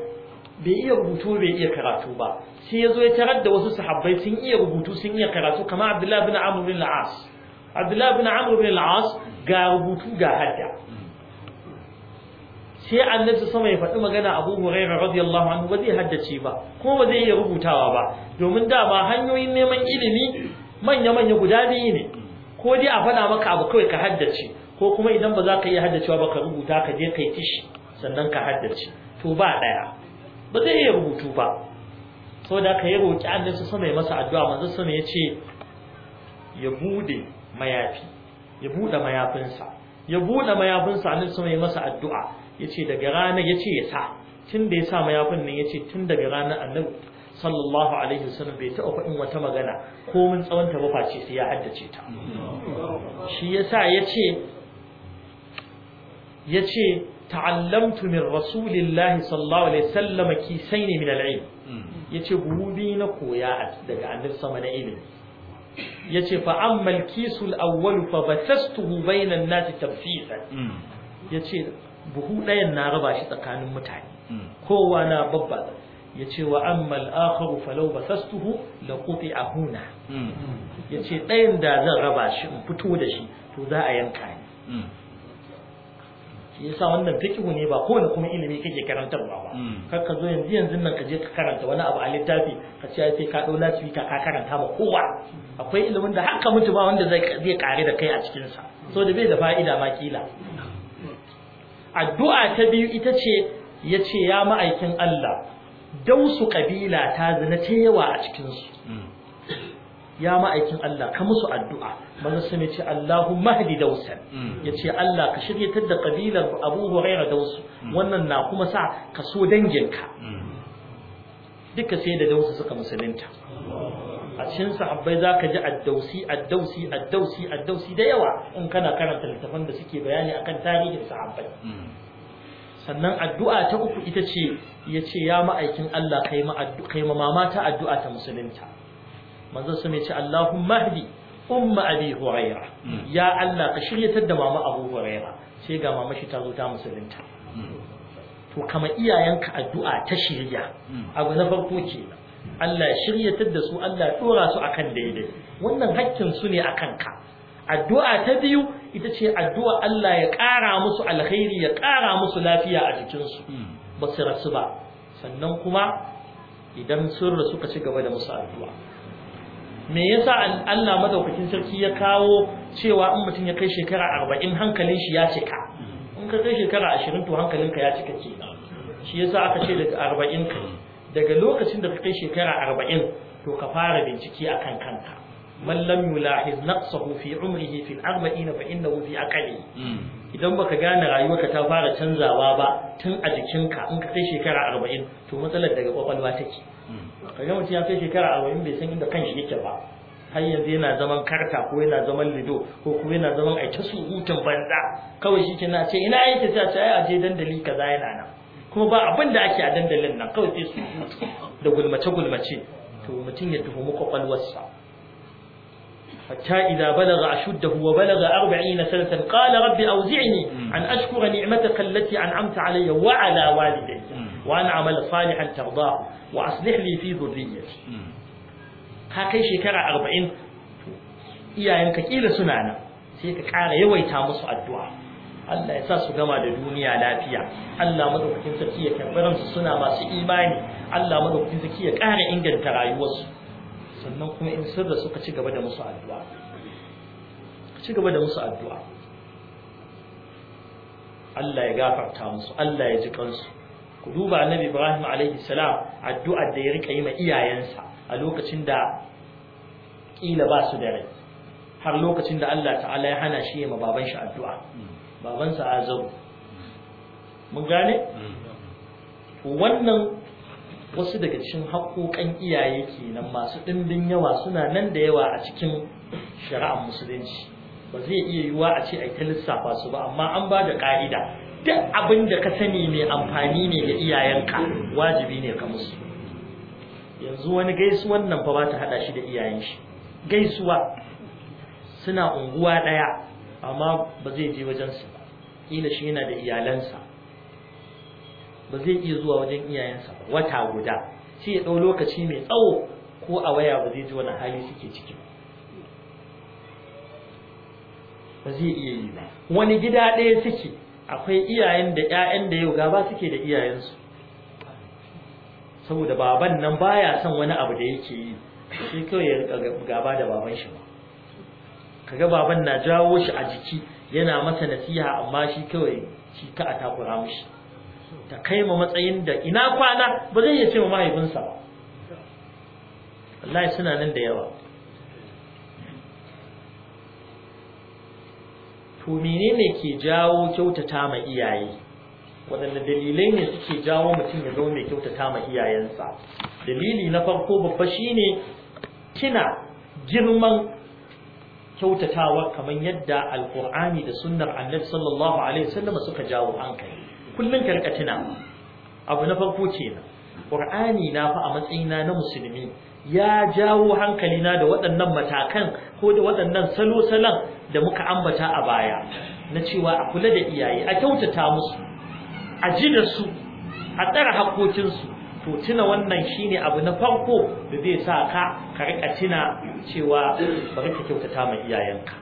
bai iya rubutu bai iya karatu ba sai ya zo ya tarar da wasu sahabbai sun iya rubutu sun iya karatu kamar abdullahi bin amr bin La'as. abdullahi bin amr bin La'as ga rubutu ga hadda sai annabi sama ya faɗi magana abu hurairah radiyallahu anhu ba zai haddace ba kuma ba zai iya rubutawa ba domin da ba hanyoyin neman ilimi manya-manya guda biyu ne ko dai a faɗa maka abu kawai ka haddace ko kuma idan ba za ka iya haddacewa ba ka rubuta ka je kai tishi sannan ka haddace to ba daya ba zai iya rubutu ba da ka yi roki annabi su sama ya masa addu'a manzo sama ya ce ya bude mayafi ya bude mayafinsa ya bude mayafinsa annabi sama ya masa addu'a ce daga ranar ce ya sa tun da ya sa mayafin nan ce tun daga ranar annabi sallallahu alaihi wasallam bai taɓa faɗin wata magana ko mun tsawon ta ba face sai ya haddace ta hmm. shi yasa yace yace ta'allamtu min rasulillahi sallallahu alaihi wasallam kisaini min al-ilm hmm. yace gubi na koya daga annabi sama na ilimi yace fa Ammal al-kisu awwal fa basastuhu bayna an-nas tafsiran hmm. yace buhu ɗayan na raba shi tsakanin mutane hmm. kowa na babba ya ce wa ammal akharu falau basastuhu la a huna ya ce ɗayan da zan raba shi in fito da shi to za a yanka ni yasa wannan fiqhu ne ba kowane kuma ilimi kake karantarwa ba hmm. kar ka zo yanzu yanzu nan ka je ka karanta wani abu a littafi ka ce sai ka dau lasfika ka karanta ma kowa akwai ilimin da haka mutu ba wanda zai zai kare da kai a cikin sa so da bai da fa'ida ma kila addu'a ta biyu ita ce yace ya ma'aikin Allah dausu kabila ta zina ta yawa a cikin su hmm. ya ma'aikin Allah ka musu addu'a manzo sai ce Allahumma hadi dausan mm. yace Allah ka shiryatar da kabilar Abu Hurairah dausu mm. wannan na kuma sa ka so ka. Mm. duka sai da dausu suka musulunta a cikin sahabbai zaka ji addausi addausi addausi addausi da yawa in kana karanta littafan da suke bayani akan tarihin sahabbai sannan addu'a ta uku ita ce yace ya ma'aikin Allah ma kai ma mama ta addu'a ta musulunta manzo su mai ce allahun Mahdi. umma abi huraira hmm. ya Allah ka shiryatar da mama abu huraira sai ga mama shi ta zo ta musulunta
hmm.
to kama iyayenka addu'a ta shirya hmm. abu na farko ke Allah ya shiryatar da su Allah ya dora su akan daidai wannan hakkin su ne akan ka addu'a ta biyu ita ce addu'a Allah ya ƙara musu alkhairi ya ƙara musu lafiya a jikinsu ba su rasu ba sannan kuma idan sun rasu ka ci gaba da musu addu'a me yasa Allah madaukakin sarki ya kawo cewa in mutum ya kai shekara 40 hankalin shi ya cika in ka kai shekara 20 to hankalinka ya cika ke shi yasa aka ce daga 40 ka daga lokacin da ka kai shekara 40 to ka fara bincike akan kanka man lam yulahiz naqsahu fi umrihi fi al-arba'in fa innahu fi aqli hmm. idan baka gane rayuwarka ta fara canzawa ba tun a jikinka in ka kai shekara 40 to matsalar daga kwakwalwa take kaga mutum ya kai shekara arba'in bai san inda kanshi yake ba har yanzu yana zaman karta ko yana zaman lido ko kuma yana zaman a ta surutun banza kawai shi kenan ce ina yake ta ce ai aje dandali kaza yana nan kuma ba abin da ake a dandalin nan kawai sai surutu da gulmace gulmace to mutum ya tuhumi kwakwalwarsa حتى إذا بلغ أشده وبلغ أربعين سنة قال رب أوزعني أن أشكر نعمتك التي أنعمت علي ala والدي وأن أعمل صالحا ترضاه وأصلح لي في ذريتي هكي شكرا أربعين iyayenka kila suna nan sai ka kara yawaita musu addu'a Allah ya su gama da duniya lafiya Allah madaukakin sarki ya suna masu imani Allah madaukakin sarki ya ƙara inganta rayuwarsu sannan kuma in sirra suka ci gaba da musu addu'a ka ci gaba da musu addu'a Allah ya gafarta musu Allah ya ji kansu ku duba annabi ibrahim alaihi salam addu'ar da ya rika yi ma iyayensa a lokacin da kila ba su da rai har lokacin da Allah ta'ala ya hana shi ma baban shi addu'a baban sa azabu mun gane wannan wasu daga cikin haƙoƙan iyaye kenan masu ɗimbin yawa suna nan da yawa a cikin shari'ar musulunci ba zai iya yiwuwa a ce a ta lissafa su ba amma an ba da ƙa'ida duk abin da ka sani mai amfani ne ga iyayenka wajibi ne ka musu yanzu wani gaisuwan nan fa ba ta hada shi da iyayen shi gaisuwa suna unguwa daya amma ba zai je wajen su kila shi yana da iyalansa ba zai iya zuwa wajen iyayensa wata guda sai ya dau lokaci mai tsawo ko a waya ba zai ji wani hali suke ciki ba zai iya yi ba wani gida ɗaya suke akwai iyayen da ƴaƴan da yau gaba suke da iyayensu saboda baban nan baya son wani abu da yake yi shi kawai ya rika gaba da baban shi kaga baban na jawo shi a jiki yana masa nasiha amma shi kawai shi ka a takura mishi ta kai ma matsayin da ina kwana ba zai iya ce ma mahaifinsa ba wallahi suna nan da yawa to menene ke jawo kyautata ma iyaye waɗanne dalilai ne suke jawo mutum ya zama mai kyautata ma iyayensa dalili na farko babba shine kina girman kyautatawa kamar yadda alkur'ani da sunnar annabi sallallahu alaihi wasallam suka jawo hankali kullun ka rika tuna abu na farko kenan qur'ani na fa a matsayina na musulmi ya jawo hankali na da waɗannan matakan ko da waɗannan salo-salon da muka ambata a baya na cewa a kula da iyaye a kyautata musu a ji da su a tsara haƙoƙinsu to tuna wannan shine abu na farko da zai sa ka ka rika tuna cewa bari ka kyautata ma iyayenka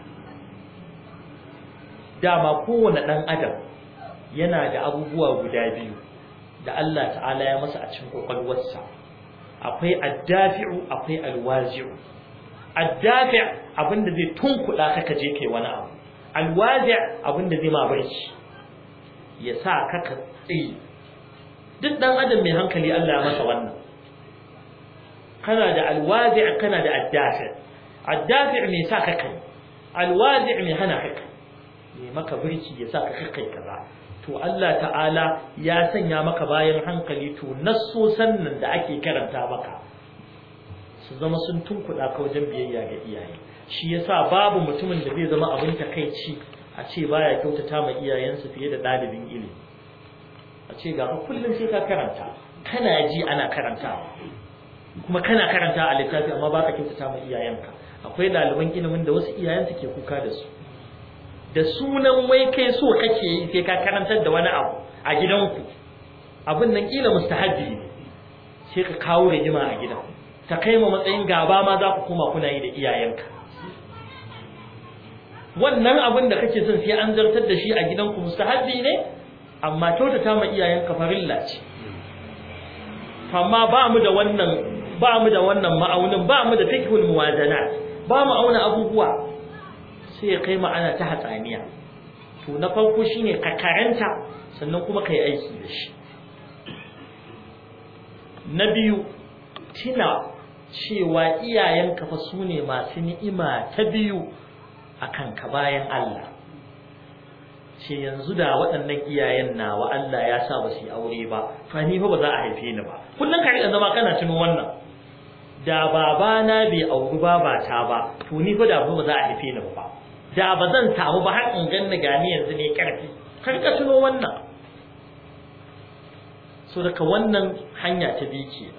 dama kowane ɗan adam yana da abubuwa guda biyu da Allah ta'ala ya masa a cikin ƙwaƙwalwarsa akwai addafi'u akwai alwaji'u addafi abinda zai tunkuɗa ka ka je kai wani abu alwazi abinda zai ma barci ya sa ka ka tsaye duk dan adam mai hankali Allah ya masa wannan kana da alwazi kana da addafi addafi mai sa ka kai alwazi mai hana ka kai mai maka birki ya sa ka kai kaza to Allah ta'ala ya sanya maka bayan hankali to nassosan nan da ake karanta maka su zama sun tunkuɗa ka wajen biyayya ga iyaye shi yasa babu mutumin da zai zama abin takaici a ce baya kyautata ma iyayensa fiye da ɗalibin ilimi a ce ga kullum sai ka karanta kana ji ana karanta. kuma kana karanta a littafi amma ba ka kyautata ma iyayenka akwai ɗaliban ilimin da wasu iyayensu ke kuka da su da sunan wai kai so kake yi sai ka karantar da wani abu a gidanku abin nan kila mustahabi ne sai ka kawo rigima a gidanku ta kai ma matsayin gaba ma za ku koma kuna yi da iyayenka wannan abin da kake son sai an zartar da shi a gidanku mustahabbi ne amma ta ma iyayenka farilla ce amma ba mu da wannan ba mu da wannan ma'aunin ba mu da fikhul muwazanat ba mu auna abubuwa sai ya kai ma ana ta hatsaniya to na farko shine ka karanta sannan kuma kai aiki da shi na biyu tina cewa iyayenka fa su ne masu ni'ima ta biyu a kanka bayan Allah ce yanzu da waɗannan iyayen nawa Allah ya sa ba su yi aure ba fa ni fa ba za a haife ni ba kullum ka riƙa zama kana tuno wannan da babana bai auri babata ba to ni fa da ba za a haife ni ba da ba zan samu ba har in ganna gani yanzu ne karfi ka riƙa tuno wannan so daga wannan hanya ta biyu kenan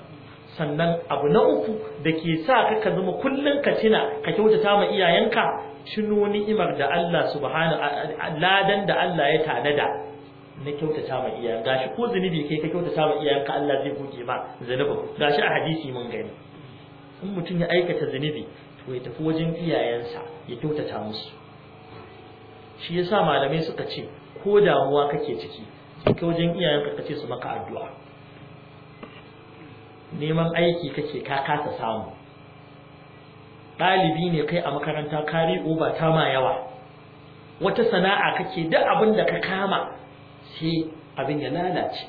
sannan abu na uku da ke sa ka ka zama kullum ka tuna ka kyautata ma iyayenka tuno ni'imar da Allah subhanahu ladan da Allah ya tanada na kyautata ma iyayen gashi ko zunubi kai ka kyautata ma iyayenka Allah zai goge ma zunubi gashi a hadisi mun gani in mutum ya aikata zunubi to ya tafi wajen iyayensa ya kyautata musu shi yasa malamai suka ce ko damuwa kake ciki ka wajen iyayenka ka ce su maka addu'a neman aiki kake ka kasa samu Dalibi ne kai a makaranta kari ba ta ma yawa wata sana'a kake duk abin da ka kama sai abin ya lalace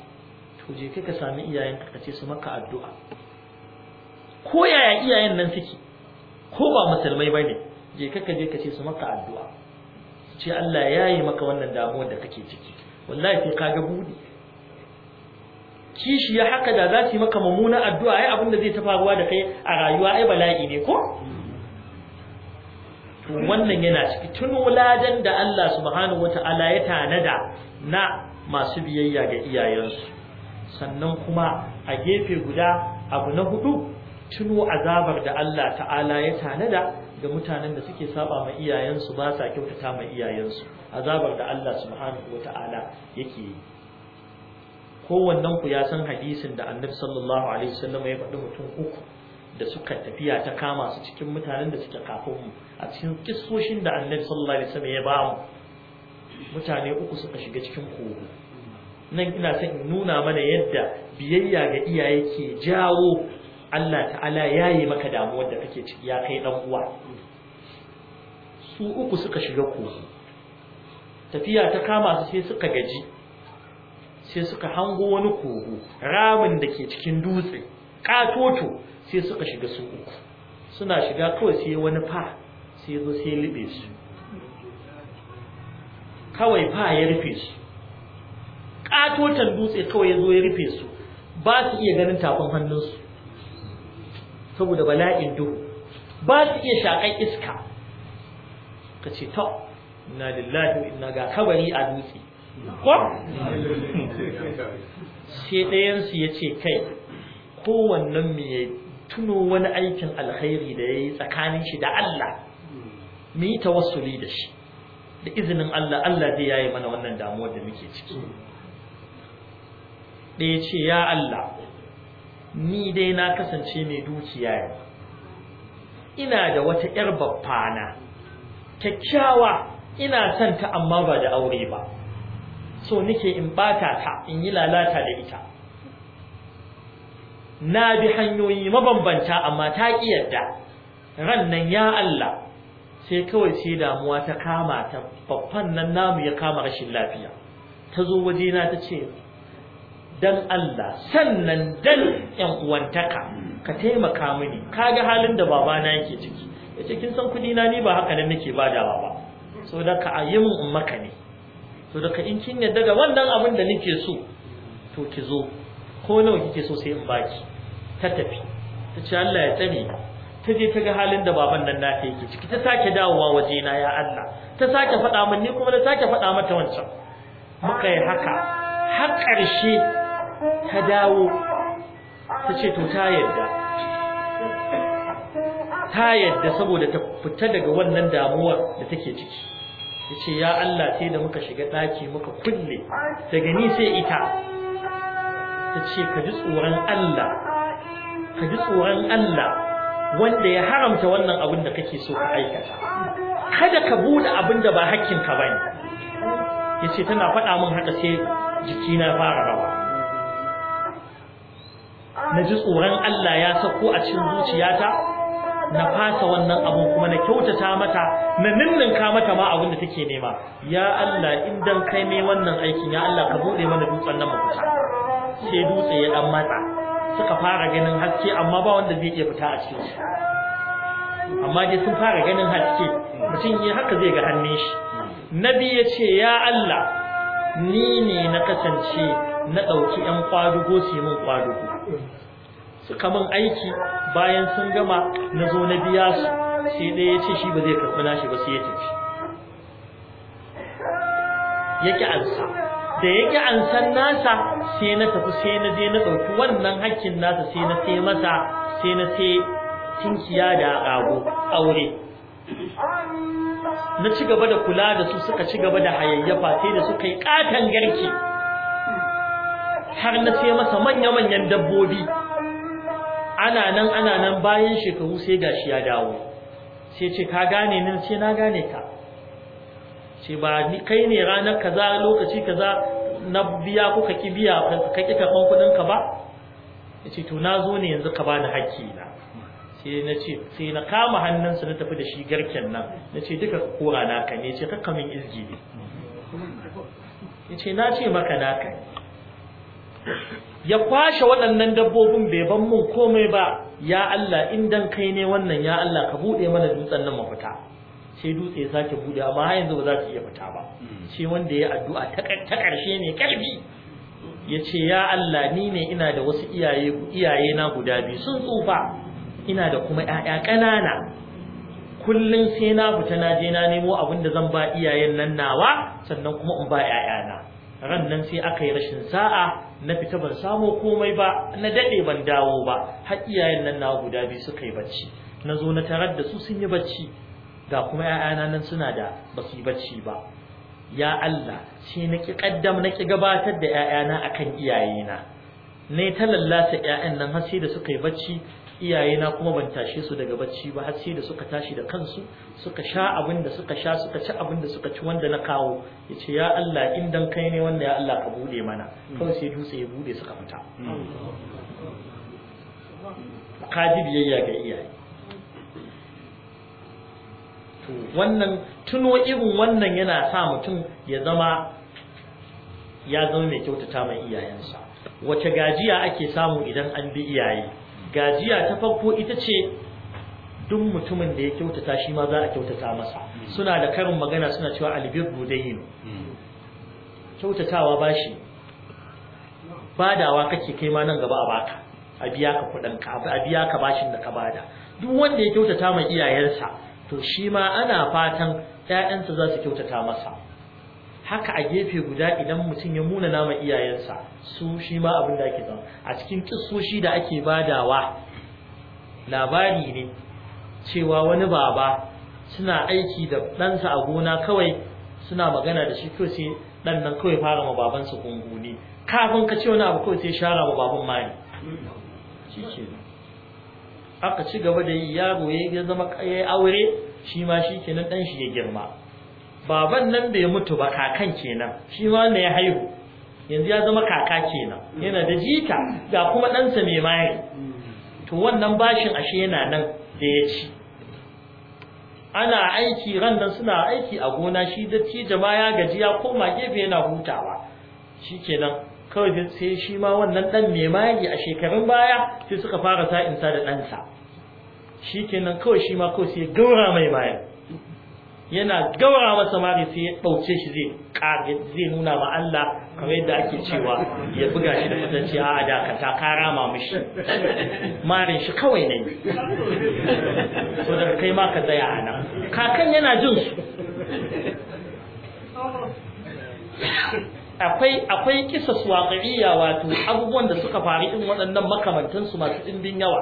to je ka sami iyayenka ka ce su maka addu'a ko yaya iyayen nan suke ko ba musulmai bane je ka je ka su maka addu'a ce Allah ya yi maka wannan damuwar da kake ciki wallahi sai ka ga buɗe kishi ya haka da za yi maka mummuna addu'a ai abin zai ta faruwa da kai a rayuwa ai bala'i ne ko to wannan yana ciki tun wuladan da Allah subhanahu wata'ala ya tanada na masu biyayya ga iyayensu sannan kuma a gefe guda abu na hudu tuno azabar da Allah ta'ala ya tanada ga mutanen da suke saba ma iyayensu ba sa kyautata ma iyayensu azabar da Allah subhanahu wata'ala yake yi kowannen ku ya san hadisin da annabi sallallahu alaihi wasallam ya faɗi mutum uku da suka tafiya ta kama su cikin mutanen da suke kafin mu a cikin kissoshin da annabi sallallahu alaihi wasallam ya ba mu mutane uku suka shiga cikin kogo nan ina son in nuna mana yadda biyayya ga iyaye ke jawo Allah ta'ala ya yi maka damuwar da kake ciki ya kai dan uwa su uku suka shiga kogo tafiya ta kama su sai suka gaji sai suka hango wani kogo ramin da ke cikin dutse katoto sai suka shiga su uku suna shiga kawai sai wani fa sai zo sai libe su kawai fa ya rufe su katotan dutse kawai ya zo ya rufe su ba su iya ganin tafin hannunsu saboda bala'in duhu ba su iya shaƙar iska ka ce ta inna lillahi inna ga kabari a dutse ko sai ɗayansu ya ce kai kowannen mu ya tuno wani aikin alkhairi da ya yi tsakanin shi da Allah mu yi tawassuli da shi da izinin Allah Allah zai yaye mana wannan damuwar da muke ciki ɗaya ce ya Allah ni dai na kasance mai dukiya ne ina da wata 'yar babbana kyakkyawa ina son ta amma ba da aure ba so nake in bata ta in yi lalata da ita na bi hanyoyi mabambanta amma ta ki yadda ran nan ya Allah sai kawai sai damuwa ta kama ta babban nan namu ya kama rashin lafiya ta zo na ta ce dan Allah sannan dan yan uwantaka ka taimaka mini kaga halin da babana yake ciki yace kin san kudi na ni ba haka nan nake badawa ba so da ka ayi mun ummaka ne to daga in kin yadda ga wannan abin da nake so to ki zo ko nawa kike so sai in baki ta tafi ta ce Allah ya tsare ta je ta ga halin da baban nan nata yake ciki ta sake dawowa waje na ya Allah ta sake faɗa min ni kuma na sake faɗa mata wancan muka yi haka har ƙarshe ta dawo ta ce to ta yarda
ta yarda saboda
ta fita daga wannan damuwar da take ciki ya ce ya Allah sai da muka shiga ɗaki muka kulle daga ni sai ita ta ce ka ji tsoron Allah
ka ji tsoron Allah
wanda ya haramta wannan abin da kake so ka aikata kada ka buɗe abin da ba hakkin ka bani. yace tana faɗa min haka sai jiki na fara rawa na ji tsoron Allah ya sako a cikin zuciyata na fasa wannan abun kuma na kyautata mata na ninninka mata ma abin da take nema ya Allah in kai mai wannan aikin ya Allah ka bude mana dutsen nan mu sai dutse ya dan matsa suka fara ganin haske amma ba wanda zai iya fita a cikin shi
amma dai sun fara ganin haske mutum
yi haka zai ga hannun shi nabi ya ce ya Allah ni ne na kasance na ɗauki 'yan kwadugo sai mun min kwadugo suka min aiki bayan sun gama na zo na biya su sai dai ya ce shi ba zai karɓi nashi ba sai ya tafi yake ansa da yake ansan nasa sai na tafi sai na je na ɗauki wannan hakkin nasa sai na sai masa sai na sai tinkiya da rago aure na ci gaba da kula da su suka ci gaba da hayayyafa sai da suka yi katon garki har na sai masa manya-manyan dabbobi ana nan ana nan bayan shekaru sai gashi ya dawo sai ce ka gane nan sai na gane ka ce ba ni kai ne ranar kaza lokaci kaza na biya ko ka kibiya biya ka ki karban kudin ka ba yace to na zo ne yanzu ka bani hakki na sai na ce sai na kama hannunsa na tafi da shi garken nan na ce duka kora naka ne ce kakkamin izgi ne ya ce na ce maka naka ne ya kwashe waɗannan dabbobin bai ban mun komai ba ya Allah in dan kai ne wannan ya Allah ka bude mana dutsen nan mafita sai dutse ya sake bude amma har yanzu ba za su iya fita ba hmm. sai wanda ya addu'a ta ƙarshe ne Ya ce ya Allah ni ne ina da wasu iyaye iyaye na guda biyu sun tsufa ina da kuma ƴaƴa ƙanana kullum sai na fita na je na nemo abin da zan ba iyayen nan nawa sannan kuma in ba ƴaƴana ran nan sai aka yi rashin sa'a na fita ban samu komai ba na dade ban dawo ba har iyayen nan na guda biyu suka yi bacci na zo na tarar da su sun yi bacci ga kuma ‘ya'yana nan suna da ba su yi bacci ba ya Allah sai na ki kaddam na ki gabatar da ‘ya'yana akan iyayena ne ta lallata ‘ya'yan nan har sai da suka yi bacci iyayena kuma ban tashe su daga bacci ba har sai da suka tashi da kansu suka sha abin da suka sha suka ci abin da suka ci wanda na kawo ya ce ya Allah in dan kai ne wanda ya Allah ka bude mana kawai sai dutse ya bude suka fita kaji biyayya ga iyaye to wannan tuno irin wannan yana sa mutum ya zama ya zama mai kyautata mai iyayensa wace gajiya ake samu idan an bi iyaye gajiya ta farko ita ce duk mutumin da ya kyautata shi ma za a kyautata masa suna da karin magana suna cewa albirru dayin kyautatawa bashi badawa kake kai ma nan gaba a baka a biya ka kuɗin ka a biya ka bashin da ka bada duk wanda ya kyautata mai iyayensa to shi ma ana fatan ƴaƴansa za su kyautata masa haka a gefe guda idan mutum ya muna nama iyayensa su shi ma abin da ake zama a cikin kisoshi da ake badawa labari ne cewa wani baba suna aiki da ɗansa a gona kawai suna magana da shi kawai sai ɗan nan kawai fara ma babansa gunguni kafin ka ce wani abu kawai sai shara ma baban mani aka ci gaba da yi yaro ya zama ya aure shi ma shi kenan ɗan shi ya girma baban nan da ya mutu ba kakan kenan shi ma ne ya haihu yanzu ya zama kaka kenan yana da jita ga kuma ɗansa mai maye to wannan bashin ashe yana nan da ya ci ana aiki ran nan suna aiki a gona shi ci ma ya gaji ya koma gefe yana hutawa Shi kenan kawai sai shi ma wannan dan mai maye a shekarun baya sai suka fara sa'insa da ɗansa kenan kawai shi ma kawai sai gaura mai mayan yana gawara masa mari sai ya ɗauce shi zai ƙari zai nuna ma Allah kamar yadda ake cewa ya buga shi da fatacce a dakata ka rama mishi marin shi kawai ne so daga kai ma ka tsaya a nan kakan yana jin su akwai akwai kisas waƙi'iyya wato abubuwan da suka faru in waɗannan makamantansu masu ɗimbin yawa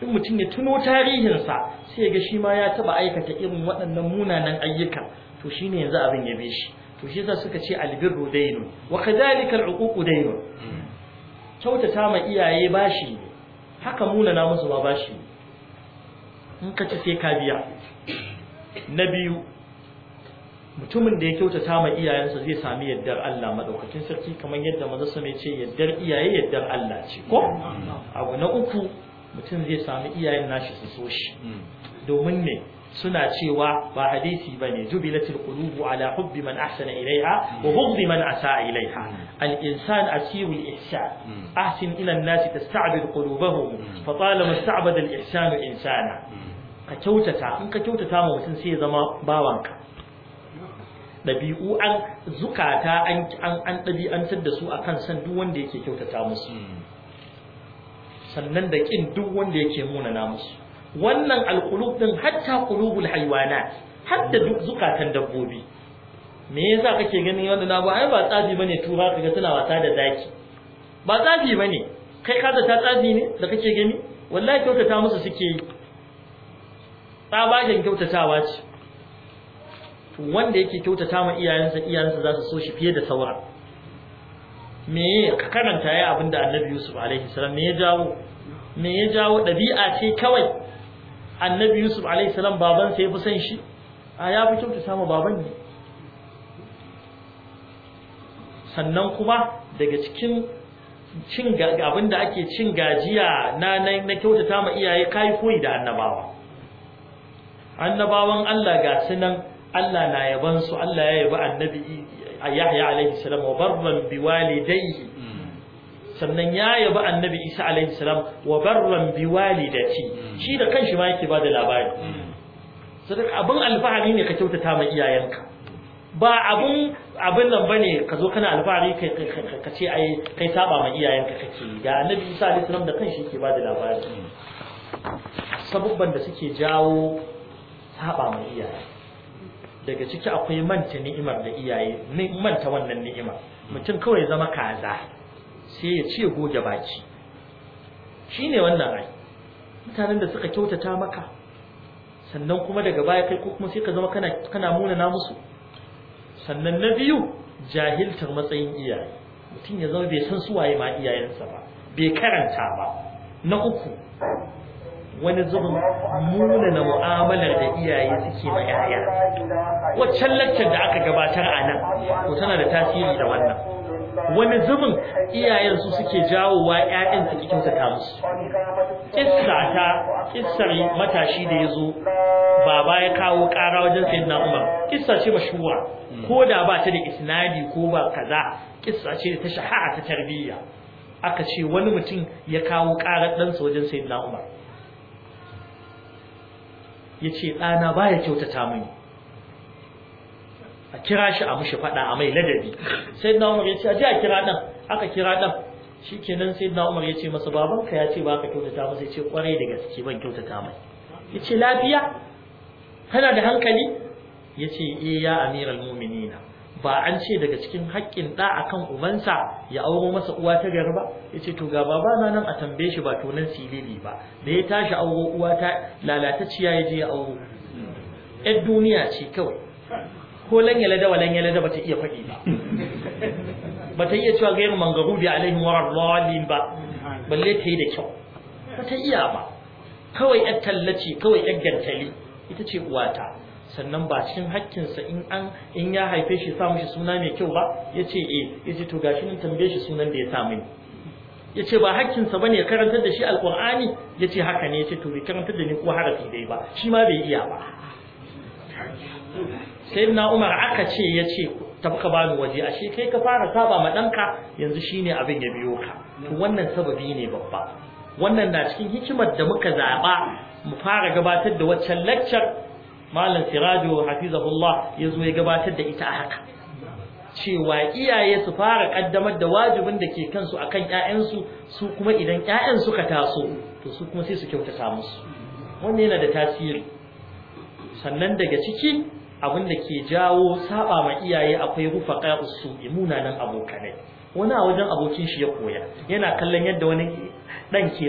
sai mutum ya tuno tarihinsa sai ga shi ma ya taba aikata irin waɗannan munanan ayyuka to ne yanzu abin ya shi to shi yasa suka ce albirru daynun wa kadhalika al'uququ daynun kyautata ma iyaye bashi ne haka na musu ba bashi ne in ka ci sai ka biya na biyu mutumin da ya kyautata ma iyayensa zai sami yaddar Allah maɗaukakin sarki kamar yadda maza sa mai ce yaddar iyaye yaddar Allah ce ko abu na uku mutum zai sami iyayen nashi su so shi hmm. domin ne suna cewa ba hadisi bane jubilatul qulubu ala hubbi man ahsana ilaiha wa hmm. bughdi man asaa ilaiha hmm. al insan asiru al ihsan ahsin ila an nas tasta'bid qulubahum fa talama ista'bada al ihsan insana ka kyautata in ka kyautata ma mutum sai ya zama bawanka dabi'u an zukata an an dabi'antar da su akan san duk wanda yake kyautata musu sannan da kin duk wanda yake munana musu wannan alqulub din hatta qulubul haywanat hatta duk zukatan dabbobi me yasa kake ganin wanda na ba ai ba tsafi bane tura kaga tana wasa da zaki ba tsafi bane kai ka ta tsafi ne da kake gani wallahi kyautata musu suke yi tsabagen kyautatawa ce wanda yake kyautata ma iyayensa iyayensa za su so shi fiye da sauran me ka karanta ya abinda annabi yusuf alaihi salam me ya jawo me ya jawo dabi'a ce kawai annabi yusuf alaihi salam baban sa yafi san shi a ya fi kyautu samu baban ne sannan kuma daga cikin cin abinda ake cin gajiya na na kyautata ma iyaye kai koyi da annabawa annabawan Allah ga sunan Allah na yaban su Allah ya yabi annabi yahya alaihi salam wa barran biwalidayhi sannan ya yabi annabi isa alaihi salam wa barran biwalidati shi da kanshi ma yake bada labari sadaka abin alfahari ne ka kyautata ma iyayenka ba abun abin nan bane ka zo kana alfahari ka ce ai kai saba ma iyayenka kake ga annabi isa alaihi salam da kanshi yake bada labari sabubban da suke jawo saba ma iyaye daga ciki akwai manta ni'imar da iyaye manta wannan ni'imar mutum kawai zama kaza sai ya ce goge baki shine wannan rai mutanen da suka kyautata maka sannan kuma daga baya kai ko kuma sai ka zama kana kana na musu sannan na biyu jahiltar matsayin iyaye mutum ya zama bai san su waye ma iyayensa ba bai karanta ba na uku wani zubin munana mu'amalar da iyaye suke ma yaya waccan laccar da aka gabatar a nan to tana da tasiri da wannan wani zubin iyayen su suke jawowa ƴaƴan su cikin ta musu
kissa ta kissar
matashi da yazo baba ya kawo ƙara wajen sayyidina Umar kissa ce mashhura hmm. ko da ba ta da isnadi ko ba kaza kissa ce ta shahara ta tarbiyya aka ce wani mutum ya kawo ƙarar ɗansa wajen sayyidina Umar ya ce ɗana baya kyautata mini a kira shi a mushi faɗa a mai ladabi sai na umar ya ce a a kira ɗan aka kira ɗan shi kenan sai na umar ya ce masa babanka ya ce ba ka kyautata masa ya ce kwarai da gaske ban kyautata mai ya ce lafiya kana da hankali eh, ya ce ya amiral mumini ba an ce daga cikin haƙƙin ɗa kan ubansa ya auro masa uwa ta gari ba ce to ga baba na nan a tambaye shi ba tonan silili ba da ya tashi auro uwa ta lalatacciya ya je ya auro ƴar duniya ce kawai ko lan wa lan ba bata iya faɗi ba bata iya cewa gairu mangarubi alaihim wa radhalin ba balle ta yi da kyau bata iya ba kawai ƴan tallace kawai ƴan gantali ita ce uwata sannan ba cikin sa in an in ya haife shi sa mishi suna mai kyau ba yace eh yace to gashi nan tambaye shi sunan da ya sa mini yace ba hakkinsa bane ya karantar da shi alqur'ani yace haka ne yace to bai karantar da ni ko harafi dai ba shi ma bai iya ba
Sai umar aka ce
yace tabka bani waje ashe kai ka fara saba ma ɗanka yanzu shine abin ya biyo ka to wannan sababi ne babba wannan na cikin hikimar da muka zaba mu fara gabatar da waccan lecture malam sirajo hafizahullah ya zo ya gabatar da ita a haka cewa iyaye su fara kaddamar da wajibin da ke kansu akan ƴaƴan su kuma idan ƴaƴan suka taso to su kuma sai su kyautata musu wannan yana da tasiri sannan daga ciki abin da ke jawo saba ma iyaye akwai rufaqa usu'i munanan abokanai wani a wajen abokin shi ya koya yana kallon yadda wani dan ke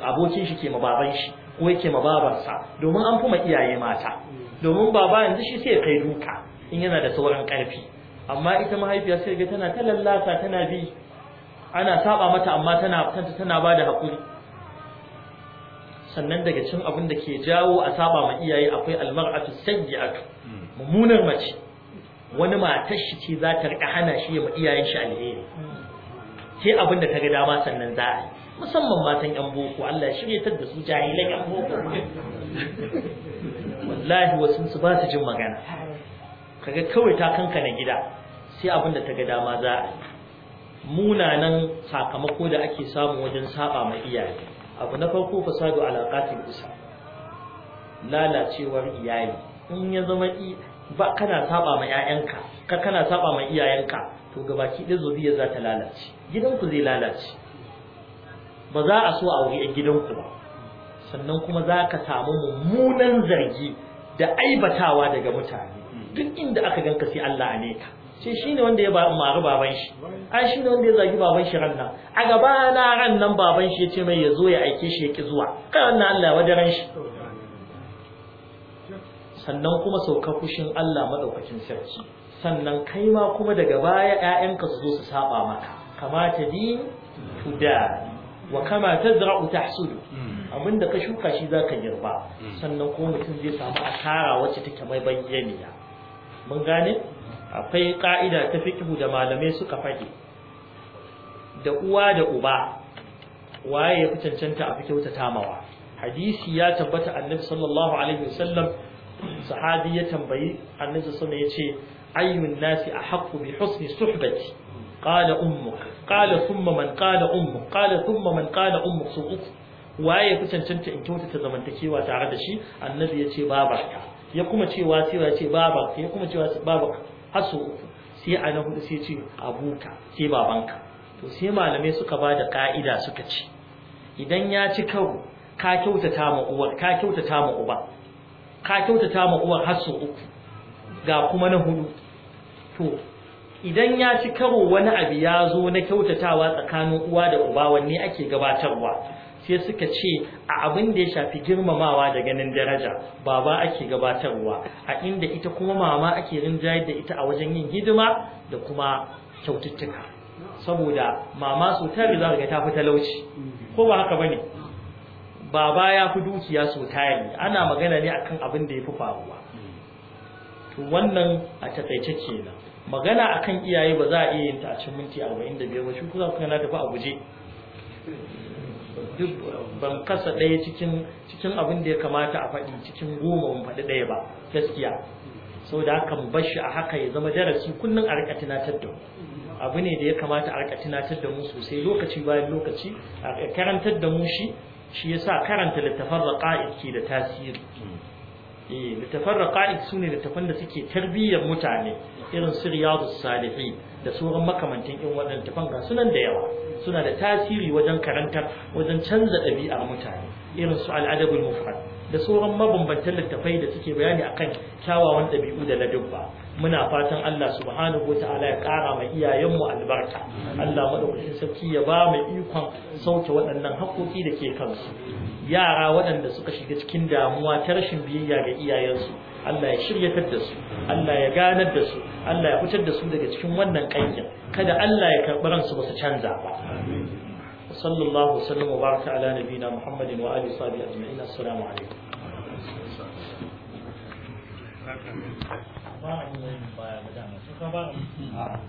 abokin shi ke ma shi ko yake ma babarsa domin an fi ma iyaye mata domin baba yanzu shi sai kai duka in yana da sauran karfi amma ita mahaifiya sai ga tana ta tana bi ana saba mata amma tana tanta tana bada hakuri sannan daga cin abin da ke jawo a saba ma iyaye akwai almar'atu sayyi'atu mummunar mace wani matar shi ce za ta rika hana shi ma iyayen shi alheri Ke abin da ta ga dama sannan za a yi musamman matan yan boko Allah shirye ta da su jahilai yan boko wallahi wasu su ba su jin magana kaga kawai ta kanka na gida sai abin ta ga dama za a munanan sakamako da ake samu wajen saba ma iyaye abu na farko fasadu alaƙatin isa lalacewar iyaye. in ya zama ba kana saba ma ƴaƴanka ka kana saba ma iyayenka to gabaki ɗaya zuriya za ta lalace gidanku zai lalace ba za a so a wuri gidanku ba sannan kuma za ka samu mummunan zargi da aibatawa daga mutane duk inda aka ganka sai Allah a neka sai shine wanda ya ba maru baban shi ai shine wanda ya zagi baban shi ranna a gaba na rannan baban shi yace mai yazo ya aike shi yake zuwa kai wannan Allah wadaran shi sannan kuma sauka kushin Allah madaukakin sarki sannan kai ma kuma daga baya ƴaƴanka su zo su saba maka kamata din tuda wa kama tazra'u tahsudu hmm. abin da ka shuka shi za ka girba hmm. sannan ko mutum zai samu asara wacce take mai bayyaniya mun gane akwai ka'ida ta fiqhu da malamai suka faɗi da uwa da uba waye ya fi cancanta a fi tamawa hadisi ya tabbata annabi sallallahu alaihi wasallam sahabi ya tambayi annabi sallallahu ya ce ayyun nasi ahaqqu bi husni suhbati qala ummuk qala thumma man qala ummuk qala thumma man qala ummuk su waye ku cancanta in kyautata zamantakewa tare da shi annabi ya ce babarka ya kuma ce wasiwa ya ce babarka ya kuma ce babarka har so uku sai a na hudu sai ce abuka sai babanka to sai malamai suka ba da ka'ida suka ce idan ya ci karo ka kyautata ma uwar ka kyautata ma uba ka kyautata ma uwar har uku ga kuma na hudu to idan ya ci karo wani abu ya zo na kyautatawa tsakanin uwa da uba wanne ake gabatarwa sai suka ce a abin da ya shafi girmamawa da ganin daraja baba ake gabatarwa a inda ita kuma mama ake rinjayar da ita a wajen yin hidima da kuma kyaututtuka saboda mama so ta riga ga ta fita talauci ko ba haka bane baba ya fi dukiya so yi ana magana ne akan abin da ya fi faruwa to wannan a takaice kenan magana akan iyaye ba za a iya yin ta a cikin minti 45 ba shi kuma kana tafi a guje duk ban kasa ɗaya cikin abin da ya kamata a faɗi cikin goma ban faɗi ɗaya ba gaskiya Sau da mu bashi a haka ya zama darasi kullum a rika tunatar da abu ne da ya kamata a rika tunatar da mu sosai lokaci bayan lokaci a karantar da mu shi shi yasa karanta littafan raqa'id ke da tasiri eh littafan raqa'id sune littafan da suke tarbiyyar mutane irin su riyadus da sauran makamantan in waɗanda fanga sunan da yawa suna da tasiri wajen karantar wajen canza ɗabi'ar mutane irin su al'adabul mufrad da sauran mabambantan littafai da suke bayani akan kyawawan ɗabi'u da ladabba muna fatan Allah subhanahu wata'ala ya ƙara ma iyayenmu albarka Allah madaukakin sarki ya ba mu ikon sauke waɗannan haƙoƙi da ke kansu yara waɗanda suka shiga cikin damuwa ta rashin biyayya ga iyayensu Allah ya shiryatar da su Allah ya ganar da su Allah ya fitar da su daga cikin wannan ƙangin kada Allah ya karɓi ransu ba su canza ba sallallahu alaihi wasallam wa baraka ala nabiyina muhammadin wa alihi sahbihi ajma'in assalamu alaikum
ba a